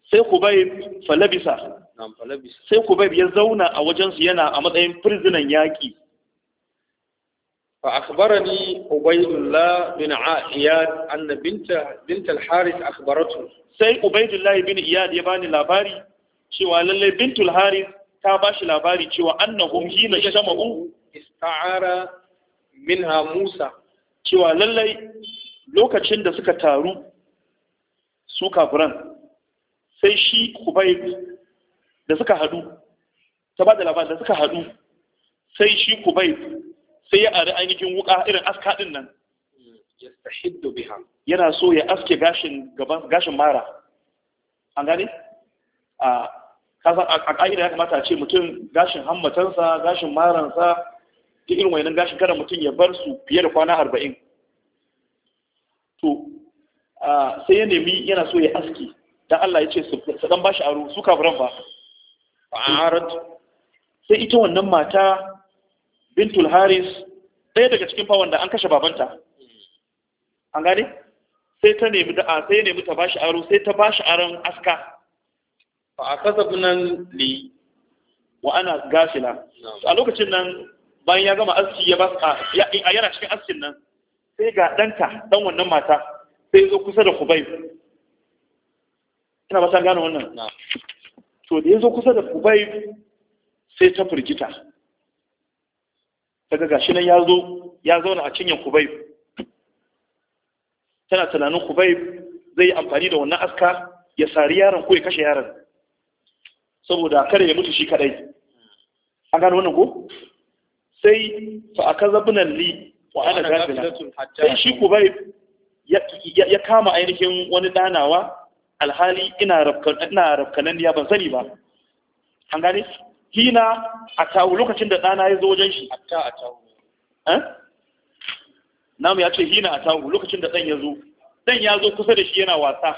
[SPEAKER 1] sai sai kubayb ya zauna a wajen su yana a matsayin prisoner yaki fa akhbarani ubaydullah bin iyad anna binta bint al sai ubaydullah bin iyad ya bani labari cewa lalle bintul harith ta bashi labari cewa annahum hina jama'u ista'ara minha musa lokacin da suka taru su kafiran sai shi kubayb da suka hadu ta ba da labar da suka hadu sai shi kubayb sai ya ari ainihin wuka irin aska din nan yastahiddu biha yana so ya aske gashin gaban gashin mara an gane a kasan a ka'ida ya kamata a ce mutum gashin hammatansa gashin maransa irin wayannan gashin kada mutum ya bar su fiye da kwana arba'in to sai ya nemi yana so ya aski dan Allah ya ce su dan bashi aro su kafiran ba fa'arat sai ita wannan mata bintul haris ɗaya daga cikin fa wanda an kashe babanta an gane sai ta nemi da sai ya nemi ta bashi aro sai ta bashi aron aska fa akasabnan li wa ana gafila a lokacin nan bayan ya gama aski ya ba yana cikin askin nan sai ga ɗanta ɗan wannan mata sai zo kusa da kubai ina ba san gane wannan to da ya zo kusa da kubai sai ta firgita daga gashi nan ya zo ya zauna a cinyar kubai tana tunanin kubai zai yi amfani da wannan aska ya sari yaron ko ya kashe yaron saboda kare ya mutu shi kadai an gano wannan ko sai fa aka zabinan li wa ana gafilatun eh, shi ya kama ainihin wani danawa alhali ina rafkanan ya ban sani ba an gane hina a tawo lokacin da dana ya zo wajen shi hatta a tawo eh? namu ya ce hina a tawo lokacin da dan ya zo dan ya zo kusa da shi yana wasa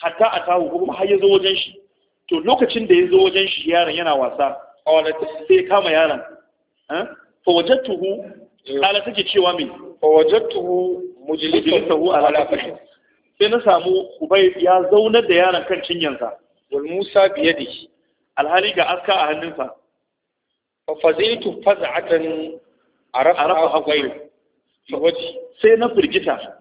[SPEAKER 1] hatta a tawo kuma har ya zo wajen shi to lokacin da ya zo wajen shi yaron yana wasa a sai kama yaron eh? fa wajattuhu ala take cewa min fa wajadtuhu mujlisahu ala kafi sai na samu ubay ya zaunar da yaron kan cinyansa wal musa bi yadihi alhali ga aska a hannunsa fa fazitu faz'atan arafa ubay fi waji sai na firgita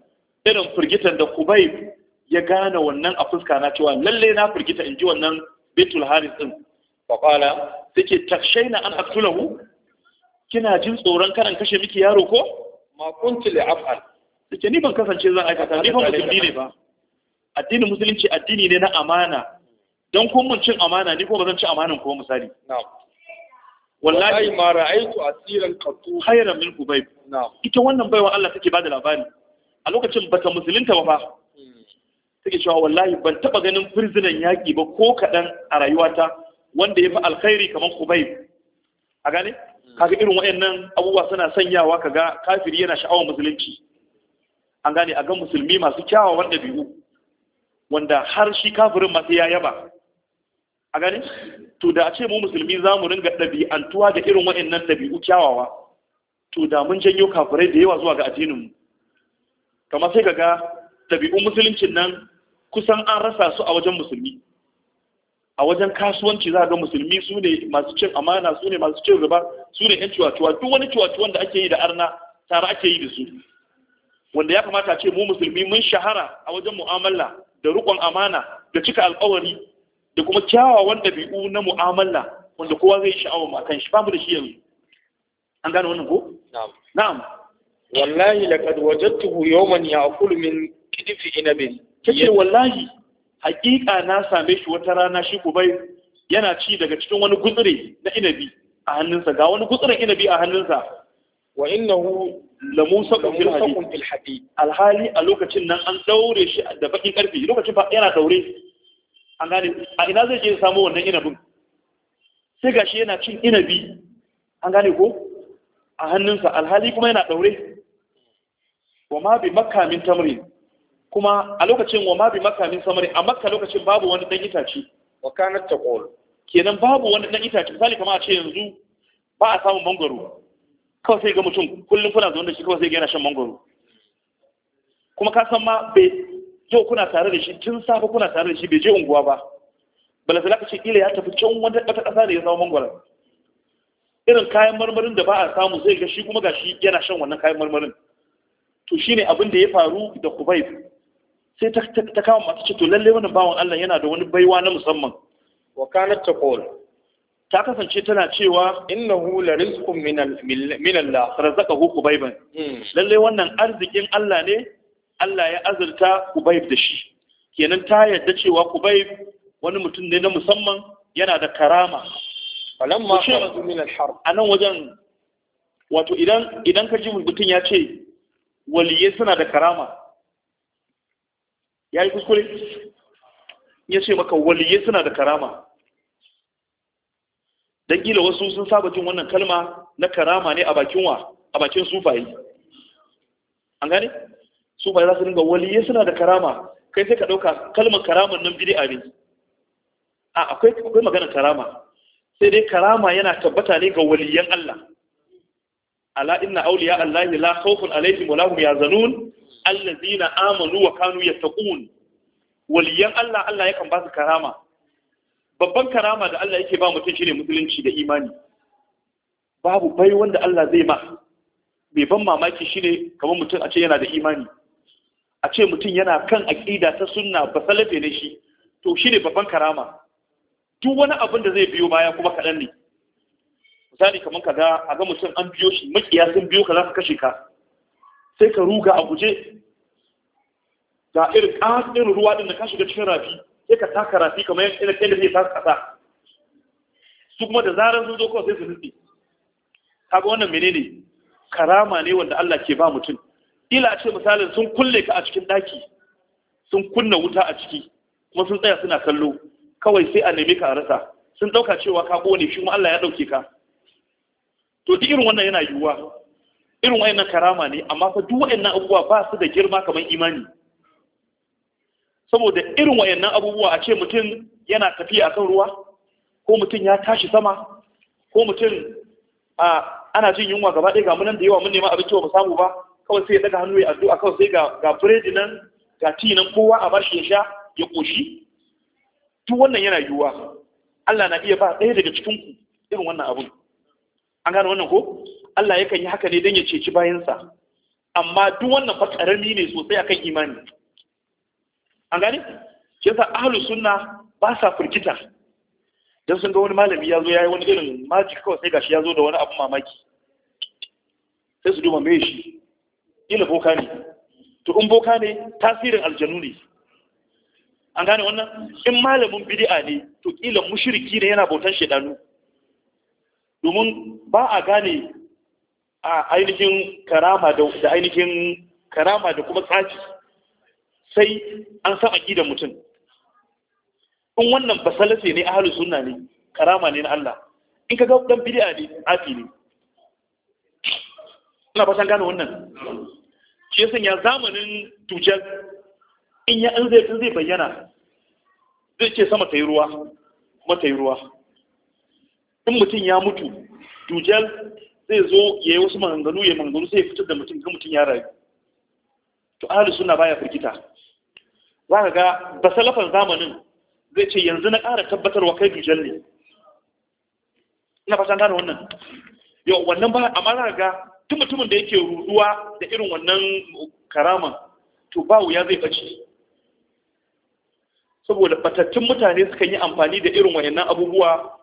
[SPEAKER 1] irin firgitan da kubay ya gane wannan a fuska na cewa lalle na firgita in ji wannan bitul haris din fa qala take takshaina an aktulahu kina jin tsoron karan kashe miki yaro ko ma kunti li af'al take ni ban kasance zan aikata ni ban musulmi ne ba addinin musulunci addini ne na amana don kun mun cin amana ni ko ba zan ci amanan ko misali na'am wallahi ma ra'aytu asiran qatu khayran min hubayb na'am ita wannan baiwa Allah take bada labari a lokacin baka musulunta ba fa hmm. take cewa wallahi ban taba ganin prisoner yaƙi ba ko kaɗan a rayuwata wanda ya fi alkhairi kamar Kubayb a gane kaga irin wayannan abubuwa suna sanyawa kaga kafiri yana sha'awar musulunci an gane a ga musulmi masu kyawawan ɗabi'u wanda har shi kafirin masu ya yaba a gane to da a ce mu musulmi za mu ringa ɗabi'antuwa da irin wayannan ɗabi'u kyawawa to da mun janyo kafirai da yawa zuwa ga addinin mu kamar sai kaga ɗabi'un musuluncin nan kusan an rasa su a wajen musulmi a wajen kasuwanci za a ga musulmi su ne masu cin amana su ne masu cin riba su ne 'yan ciwaciwa duk wani ciwaciwan da ake yi da arna tare ake yi da su wanda ya kamata ce mu musulmi mun shahara a wajen mu'amala da rikon amana da cika alkawari da kuma kyawawan ɗabi'u na mu'amala wanda kowa zai ma kan shi babu da shi yanzu an gane wannan ko na'am wallahi laqad wajadtuhu yawman ya'kulu min kidfi inabin kace wallahi haƙiƙa na same shi wata rana shi kubai yana ci daga cikin wani gutsire na inabi a hannunsa ga wani gutsiren inabi a hannunsa wa innahu musa fil hadid alhali a lokacin nan an daure shi da bakin karfi lokacin fa yana daure an gane a ina zai je samu wannan inabin sai gashi yana cin inabi an gane ko a hannunsa alhali kuma yana daure wa ma bi makka min tamrin kuma a lokacin wa mabi makamin samari a makka lokacin babu wani dan itace wa kanat taqul kenan babu wani dan itace misali kamar a ce yanzu ba a samun mangoro kawai sai ga mutum kullum kuna zaune da shi kawai sai ga yana shan mangoro kuma ka san ma bai yau kuna tare da shi tun safe kuna tare da shi bai je unguwa ba bala sai ka ce kila ya tafi can wata wata kasa da ya samu mangoro irin kayan marmarin da ba a samu sai ga shi kuma gashi yana shan wannan kayan marmarin to shine abin da ya faru da Kubayb sai ta kama mata ce to lalle wannan bawan Allah yana da wani baiwa na musamman wa kanat taqul ta kasance tana cewa Inna innahu la rizqun min min Allah razaqahu kubayban hmm. lalle wannan arzikin Allah ne Allah ya azurta kubayb da shi kenan ta yarda cewa kubayb wani mutum ne na musamman yana da karama falamma kharaju min al-harb anan wajen wato idan idan ka ji mutum ya ce waliyai suna da karama ya yi kuskure ya ce maka waliye suna da karama don gila wasu sun saba jin wannan kalma na karama ne a bakin wa a bakin sufaye an gane sufaye za su dinga waliye suna da karama kai sai ka ɗauka kalmar karama nan a abin a akwai maganar karama sai dai karama yana tabbata ne ga waliyan Allah ala inna auliya Allah la khawfun alaihim wa lahum yazanun allazina amanu wa kanu yattaqun waliyan Allah Allah yakan ba su karama babban karama da Allah yake ba mutum shine musulunci da imani babu bai wanda Allah zai ma Mai ban mamaki shine kamar mutum a ce yana da imani a ce mutum yana kan aƙida ta sunna ba salafe ne shi to shine babban karama duk wani abin da zai biyo baya kuma kadan ne misali kamar kaga a ga mutum an biyo shi makiya sun biyo ka su kashe ka sai ka ruga a guje ga irin ƙasirin ruwa ɗin da ka shiga cikin rafi sai ka taka rafi kamar yadda da zai ta ƙasa su kuma da zarar sun zo kawai sai su nutse kaga wannan menene karama ne wanda Allah ke ba mutum ila a ce misalin sun kulle ka a cikin ɗaki sun kunna wuta a ciki kuma sun tsaya suna kallo kawai sai a neme ka a rasa sun ɗauka cewa ka ƙone shi kuma Allah ya ɗauke ka to duk irin wannan yana yiwuwa irin wayannan karama ne amma fa duk wayannan abubuwa ba su da girma kamar imani saboda irin wayannan abubuwa a ce mutum yana tafiya akan ruwa ko mutum ya tashi sama ko mutum a ana jin yunwa gaba ɗaya ga munan da yawa mun nema abinci ba mu samu ba kawai sai ya daga hannu ya a kawai sai ga ga biredi nan ga ti nan kowa a bashi ya sha ya koshi duk wannan yana yiwuwa Allah na iya ba ɗaya daga cikin ku irin wannan abun an gane wannan ko Allah yakan yi haka ne don ya ceci bayansa amma duk wannan fa karami ne sosai akan imani an gane Ke sa ahalu suna ba sa firgita don sun ga wani malami ya zo ya yi wani irin magic kawai sai gashi ya zo da wani abu mamaki sai su duba mai shi ila boka ne to in boka ne tasirin aljanu ne an gane wannan in malamin bidi'a ne to kila mushiriki ne yana bautan shaidanu. domin ba a gane a ainihin karama da ainihin karama da kuma tsaki sai an san aqidar mutum in wannan basalase ne ahlus sunna ne karama ne na Allah in ka ga dan bid'a ne afi ne ina fatan gane wannan shi yasan ya zamanin tujal in ya an zai zai bayyana zai ce sama tayi ruwa kuma tayi ruwa in mutum ya mutu tujal zai zo ya yi wasu maganganu ya maganganu sai ya fitar da mutum kan mutum ya rayu to ahalus suna baya firgita za ka ga basalafan zamanin zai ce yanzu na ƙara tabbatarwa kai dujal ne ina fatan gane wannan yau wannan ba amma za ka ga tun mutumin da yake ruduwa da irin wannan karama to ba wuya zai ɓace saboda batattun mutane sukan yi amfani da irin wayannan abubuwa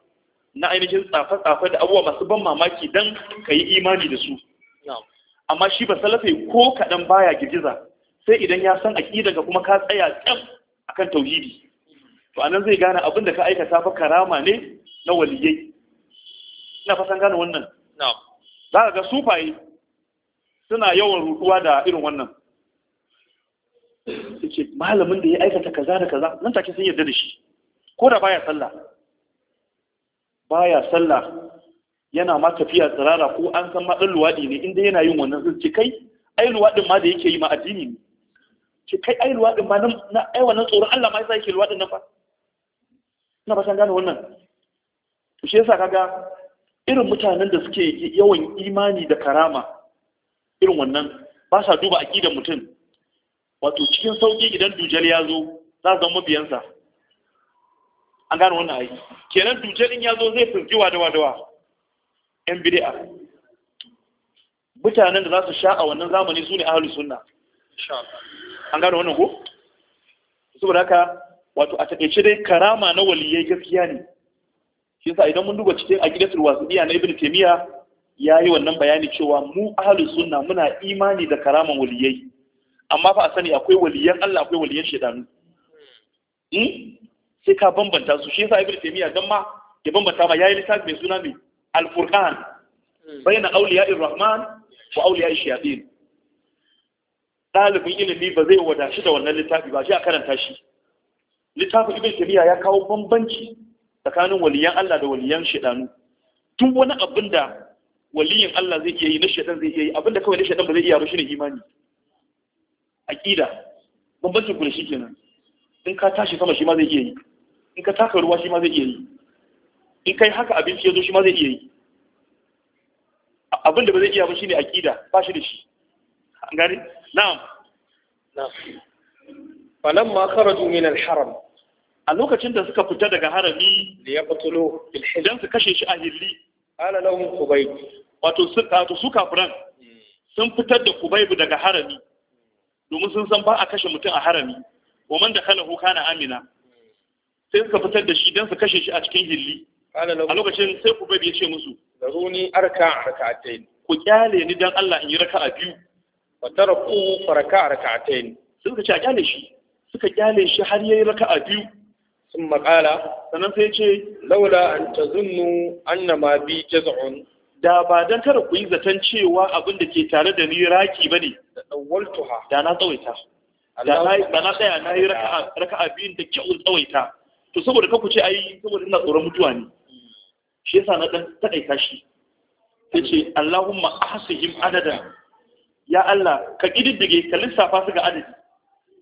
[SPEAKER 1] na ainihin tsafe-tsafe da abuwa masu ban mamaki don ka yi imani da su amma shi ba salafe ko kaɗan baya girgiza sai idan ya san aƙida ga kuma ka tsaya a kan tauhidi to anan zai gane abin da ka aikata fa karama ne na waliyai ina fasan gane wannan za ka ga sufaye suna yawan rutuwa da irin wannan ce malamin da ya aikata kaza da kaza nan take sun yarda da shi ko da baya sallah baya sallah yana ma tafiya tsirara ko an san ma dan luwadi ne inda yana yin wannan zai kai ai luwadin ma da yake yi ma addini ne ce kai ai luwadin ma na ai wannan tsoron Allah ma yasa yake luwadin nan fa ina ba san gane wannan to shi yasa kaga irin mutanen da suke yawan imani da karama irin wannan ba sa duba aƙidan mutum wato cikin sauƙi idan dujal ya zo za su zama mabiyansa an gano wannan aiki kenan tuce din ya zo zai furgi wadawa-dawa yan bid'a mutanen da za su sha a wannan zamani su ne ahalus sunna an gano wannan ko saboda haka wato a taƙaice dai karama na waliyai gaskiya ne shi yasa idan mun duba cikin aqidatul wasiya na ibnu taymiya yayi wannan bayani cewa mu ahlus sunna muna imani da karaman waliyai amma fa a sani akwai waliyan Allah akwai waliyan shedanu hmm. hmm? sai ka bambanta su shi yasa ibn taymiya dan ma ya bambanta ma yayi littafi mai suna mai al-furqan bayna awliya'ir rahman wa awliya'ish shayatin Dalibin ilimi ba zai wadashi da wannan littafi ba shi a karanta shi littafin ibn taymiya ya kawo bambanci tsakanin waliyan Allah da waliyan shaytanu duk wani abin da waliyin Allah zai iya yi na shaytan zai iya yi abin da kawai na shaytan ba zai iya ba ne imani aqida bambancin ku da shi kenan in ka tashi sama shi ma zai iya yi in ka taka ruwa shi ma zai iya yi in kai haka abinci ya zo shi ma zai iya yi abin da ba zai iya ba a aqida ba shi da shi gani na'am na'am falamma kharaju min haram a lokacin da suka fita daga harami da ya fitulo idan su kashe shi a hilli ala lahum kubayb wato su wato su kafiran hmm. sun fitar da kubayb daga harami domin sun san ba a kashe mutum a harami wa man dakhalahu kana amina sai suka fitar da shi dan su kashe shi a cikin hilli a lokacin sai ku bai ce musu daruni arka rak'atayn ku kyale ni dan Allah in yi raka'a biyu fa taraku faraka rak'atayn suka ce a kyale shi suka kyale shi har yayi raka'a biyu sun makala? sannan sai ce laula an tazunnu annama bi jaz'un da ba dan kada ku yi zaton cewa abin da ke tare da ni raki ba ne da na tsawaita
[SPEAKER 2] da na tsaya na yi
[SPEAKER 1] raka'a biyun da kyau tsawaita to saboda kaku ce ai saboda ina tsoron mutuwa ne shi yasa na dan takaita shi sai ce Allahumma ahsihim adada. ya Allah ka kididdige ka lissafa su ga adadi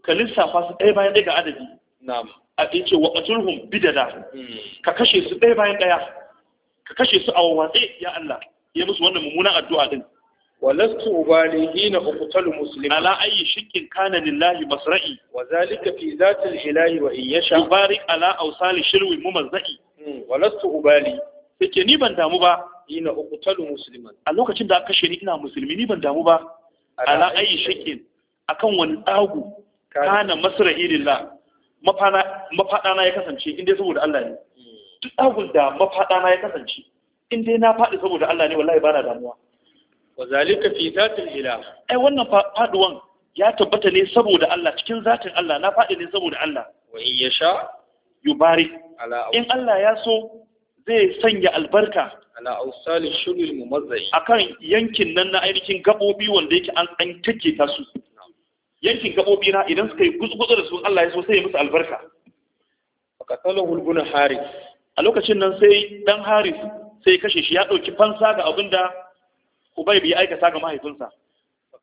[SPEAKER 1] ka lissafa su ɗaya bayan ɗaya ga adadi na'am a ce wa qatulhum bidada hmm. ka kashe su ɗaya bayan ɗaya ka kashe su a wawatse ya Allah ya musu wannan mummunan addu'a din ولست أبالي حين أقتل مسلما على أي شك كان لله مصرعي وذلك في ذات الإله وإن يشاء يبارك على أوصال شلو ممزعي ولست أبالي yake ni ban damu ba ina uqtalu musliman a lokacin da aka kashe ni ina musulmi ni ban damu ba ala ayi shakin akan wani tsagu kana masra'i lillah mafadana ya kasance inda saboda Allah ne hmm. duk tsagun da mafadana ya kasance inda na faɗi saboda Allah ne wallahi bana damuwa wa zalika fi zatil ilah ai wannan faduwan ya tabbata ne saboda Allah cikin zatin Allah na faɗi ne saboda Allah wa in yasha ala in Allah ya so zai sanya albarka ala ausalin shurul mumazzai akan yankin nan na ainihin gabobi wanda yake an an take ta su yankin gabobi na idan suka yi guzguzo da su Allah ya so sai ya musu albarka fakatalahu ibn haris a lokacin nan sai dan haris sai kashe shi ya dauki fansa ga abinda Kubayb ya aikata ga mahaifinsa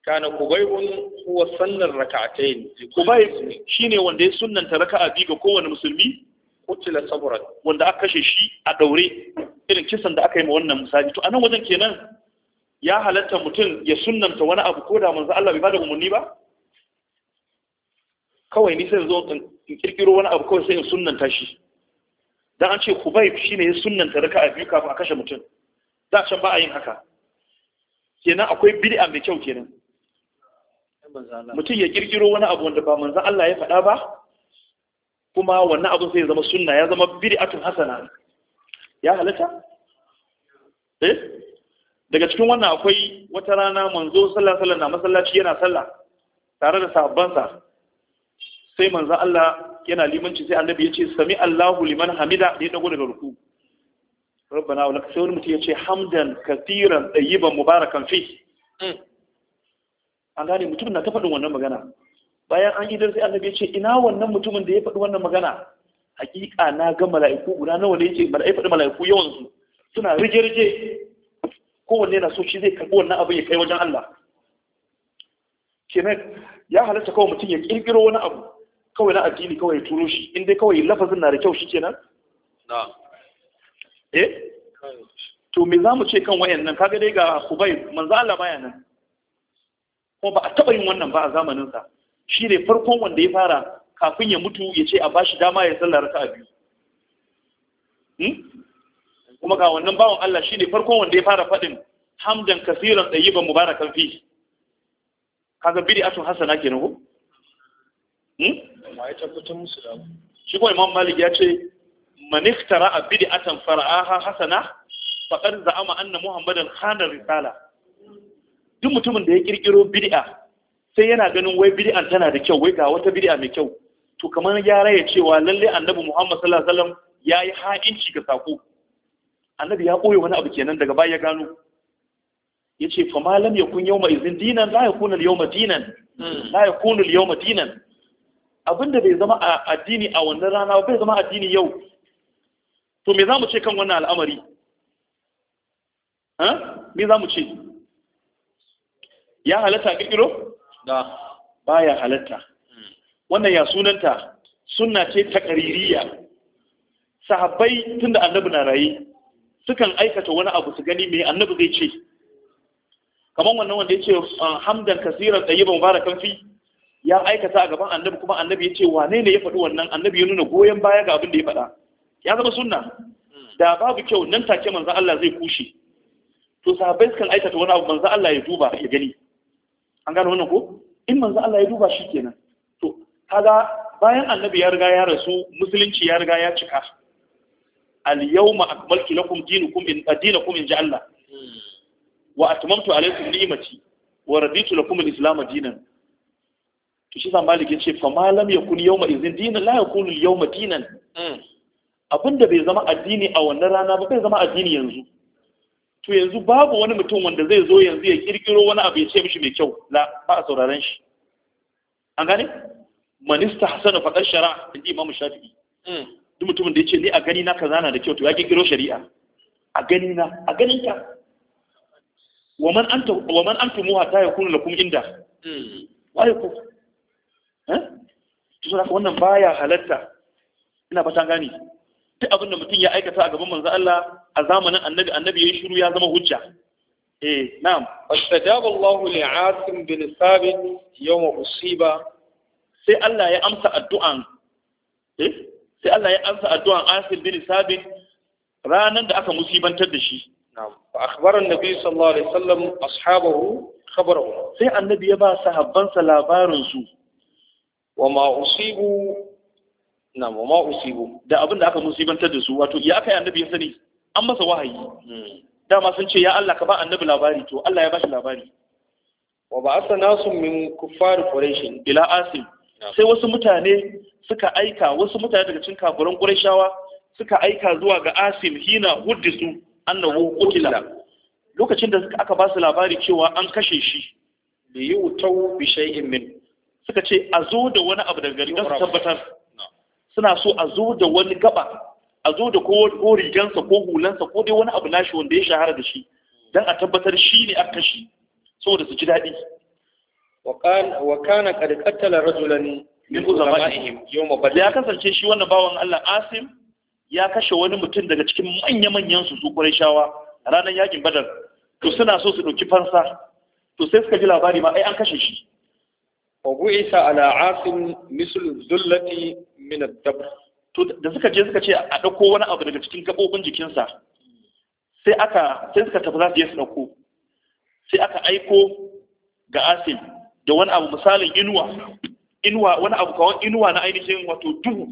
[SPEAKER 1] kana Kubaybun huwa sannan raka'atayn Kubayb shine wanda ya sunnanta raka'a biyu ga kowane musulmi kutila sabran wanda aka kashe shi a daure irin kisan da aka yi ma wannan misali to anan wajen kenan ya halatta mutum ya sunnanta wani abu ko da manzo Allah bai bada umarni ba kawai ni sai zo in kirkiro wani abu kawai sai in sunnanta shi dan an ce Kubayb shine ya sunnanta raka'a biyu kafin a kashe mutum da can ba a yin haka kenan akwai bid'a mai kyau kenan mutum ya kirkiro wani abu wanda ba manzan Allah ya faɗa ba kuma wannan abu sai ya zama sunna ya zama bid'atun hasana ya halatta eh daga cikin wannan akwai wata rana manzo sallallahu alaihi na masallaci yana sallah tare da sahabbansa sai manzan Allah yana limanci sai annabi ya ce sami Allahu liman hamida da ya dago daga ruku rabbana wa sai wani mutum ya ce hamdan kathiran tayyiban mubarakan fi an gane mutum na ta faɗin wannan magana bayan an idar sai annabi ya ce ina wannan mutumin da ya faɗi wannan magana hakika na ga mala'iku guda nawa ne yake mala'iku faɗi mala'iku yawan su suna rije-rije. kowanne na so shi zai karɓi wannan abin ya kai wajen Allah kenan ya halatta kawai mutum ya kirkiro wani abu kawai na addini kawai ya turo shi in dai kawai lafazin na da kyau shi kenan na'am eh to me za mu ce kan wayannan kaga dai ga kubai manzo Allah baya nan ko ba a taba yin wannan ba a zamanin sa shine farkon wanda ya fara kafin ya mutu ya ce a bashi dama ya sallar raka'a biyu hmm? kuma ga wannan bawan Allah shine farkon wanda ya fara fadin hamdan kasiran tayyiban mubarakan fi kaga bid'atun hasana kenan ko hmm? amma ya tabbatar musu da shi ko Imam Malik ya ce man iftara bid'atan fara'aha hasana faqad za'ama anna muhammadan khana risala duk mutumin da ya kirkiro bid'a sai yana ganin wai bid'an tana da kyau wai ga wata bid'a mai kyau to kamar ya raye cewa lalle annabi muhammad sallallahu alaihi wasallam yayi ha'inci ga sako annabi ya koyo wani abu kenan daga baya ya gano yace fa malam yakun yawma izin dinan la yakun al yawma dinan hmm. la yakun al yawma dinan abinda bai zama addini a wannan rana bai zama addini yau to me za mu ce kan wannan al'amari me za mu ce ya halatta ƙirƙiro? da baya halatta hmm. wannan ya sunanta suna ce takaririya sahabbai tunda annabi na raye sukan aikata wani abu su gani mai annabi zai ce kamar wannan wanda ya ce ah, hamdan kasiran ɗaye ban bara kamfi ya aikata a gaban annabi kuma annabi ya ce wane ne ya faɗi wannan annabi ya nuna goyon baya ga abin da ya faɗa ya zama sunna da babu kyau nan take manzo Allah zai kushe to sahabbai sukan aikata wani abu manzo Allah ya duba ya gani an gano wannan ko in manzo Allah ya duba shi kenan to kaga bayan annabi ya riga ya rasu musulunci ya riga ya cika al yawma akmaltu lakum dinukum in dinakum in Allah. wa atmamtu alaykum ni'mati wa raditu lakum al islam dinan to shi zan malik yace fa malam yakun yawma izin dinan la yakun al yawma dinan mm. abin da bai zama addini a wannan rana ba bai zama addini yanzu to yanzu babu wani mutum wanda zai zo yanzu ya kirkiro wani abu ya ce mishi mai kyau la ba a sauraron shi an gane manista hasanu faɗar shara inji imamu shafi'i mm. duk mutumin da ya ce ni a gani na kaza na da kyau to ya kirkiro shari'a a gani na a ganin ka wa man anta wa man antum hatta yakunu lakum inda mm. wai ku eh to wannan baya halatta ina fata gani duk abin da mutum ya aikata a gaban manzo Allah a zamanin annabi annabi yayin shiru ya zama hujja eh na'am fastajaba Allah li Asim bin Sabit yawm usiba sai Allah ya amsa addu'an eh sai Allah ya amsa addu'an Asim bin Sabit ranan da aka musibantar da shi na'am fa akhbara annabi sallallahu alaihi wasallam ashabahu khabarahu sai annabi ya ba sahabbansa labarin su wa ma usibu na wa ma da abin da aka musibantar da su wato ya aka yi annabi ya sani an masa wahayi dama sun ce ya Allah ka ba annabi labari to Allah ya bashi labari wa ba'atha nasu min kuffar quraish ila asim sai wasu mutane suka aika wasu mutane daga cikin kafiran qurayshawa suka aika zuwa ga asim hina huddisu annahu qutila lokacin da aka ba su labari cewa an kashe shi bi yi bi shay'in min suka ce a zo da wani abu daga garin su tabbatar suna so a zo da wani gaba a zo da ko rigansa ko hulansa ko dai wani abu nashi wanda ya shahara da shi dan a tabbatar shi ne aka kashe saboda su ji daɗi wa kana qad qatala rajulan min uzama'ihim yawma badr ya kasance shi wannan bawan Allah Asim ya kashe wani mutum daga cikin manya-manyan su su Qurayshawa ranar yakin Badar to suna so su dauki fansa to sai suka ji labari ma ai an kashe shi wa gu'isa ala Asim mislu dhullati minar ad da suka je suka ce a ɗauko wani abu daga cikin gabobin jikinsa sai aka sai suka tafi za su je su ɗauko sai aka aiko ga asim da wani abu misalin inuwa inuwa wani abu kawai inuwa na ainihin wato duhu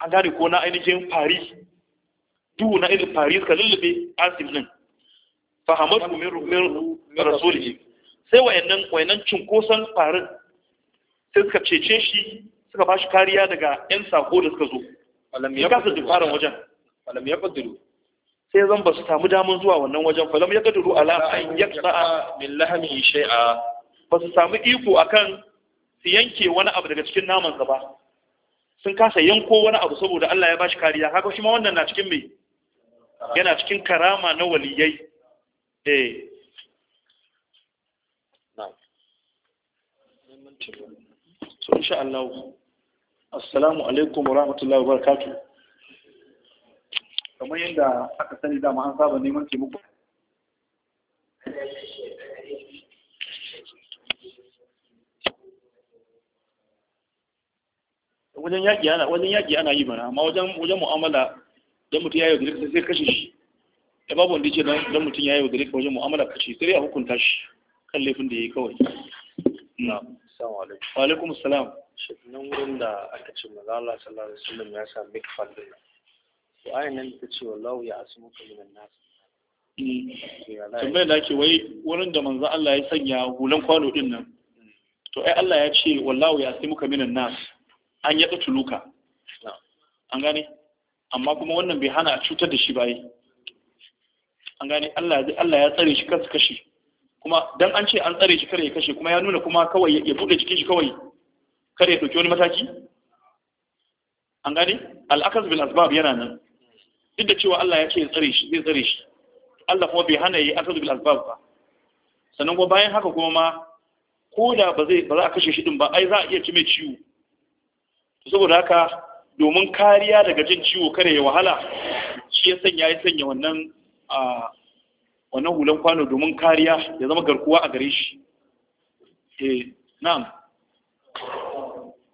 [SPEAKER 1] an gane ko na ainihin paris duhu na ainihin paris ka lullube asim din fahamatu min min rasuli sai wayannan wayannan cunkoson farin sai suka cece shi suka ba shi kariya daga ƴan sako da suka zo ya kasa fara wajen falam ya sai zan ba su samu damun zuwa wannan wajen falam ya kadiru ala an yaqta min lahmi shay'a ba su samu iko akan su yanke wani abu daga cikin naman ba sun kasa yanko wani abu saboda Allah ya ba shi kariya haka shi ma wannan na cikin mai yana cikin karama na waliyai eh na'am Allah assalamu alaikum wa rahmatullahi wa barakatu kamar yadda aka sani dama an saba neman taimako wajen yaƙi ana wajen yaƙi ana yi mana amma wajen wajen mu'amala don mutum ya yi wadda sai kashe shi ya babu wanda ce don mutum ya yi wadda ka wajen mu'amala kashe sai ya hukunta shi kan laifin da ya yi kawai na wa alaikum salam nan wurin da aka ce maza Allah sallallahu alaihi wasallam ya sa big fall nan to ayin nan ta ce wallahu mm. ya asmu kaliman nas tambayar da ake wai wurin da manzo Allah ya sanya hulan kwano din nan to ai Allah ya ce wallahu ya muka kaliman nas an ya luka an gane amma kuma wannan bai hana a cutar da shi baye an gane Allah Allah ya tsare shi kansa kashi kuma dan an ce an tsare shi kare ya kashe kuma ya nuna kuma kawai ya bude cikin shi kawai kare ya ɗauki wani mataki an gane al'akas bin asbab yana nan duk da cewa Allah ya ce ya tsare shi zai tsare shi Allah kuma bai hana yi akas bin asbab ba sannan kuma bayan haka kuma ma ko da ba za a kashe shi din ba ai za a iya ci mai ciwo saboda haka domin kariya daga jin ciwo kare ya wahala shi ya sanya ya sanya wannan a wannan hulan kwano domin kariya ya zama garkuwa a gare shi eh na'am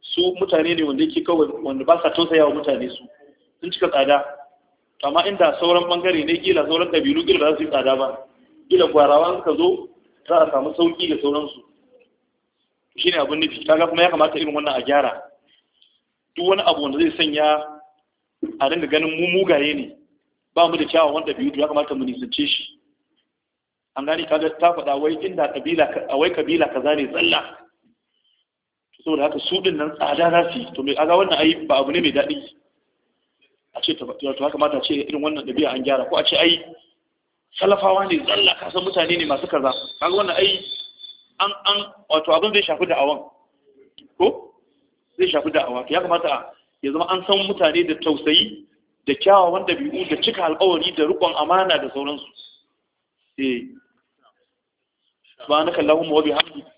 [SPEAKER 1] su mutane ne wanda yake kawai wanda ba sa tausaya wa mutane su sun cika tsada amma inda sauran bangare ne kila sauran kabilu kila ba za su yi tsada ba kila gwarawan ka zo za a samu sauki da sauransu ne abin nufi kaga kuma ya kamata irin wannan a gyara duk wani abu wanda zai sanya a dinga ganin mu mugaye ne ba mu da kyawawan ɗabi'u ya kamata mu nisance shi an gani kaga ta faɗa wai inda kabila a wai kabila kaza ne tsalla saboda haka su din nan tsada za su to mai aga wannan ai ba abu ne mai daɗi a ce to haka mata ce irin wannan ɗabi'a an gyara ko a ce ai salafawa ne zalla kasan mutane ne masu kaza kaga wannan ai an an wato abin zai shafi da'awan ko zai shafi da'awa ya kamata ya zama an san mutane da tausayi da kyawawan ɗabi'u da cika alƙawari da riƙon amana da sauransu eh subhanaka allahumma wa bihamdika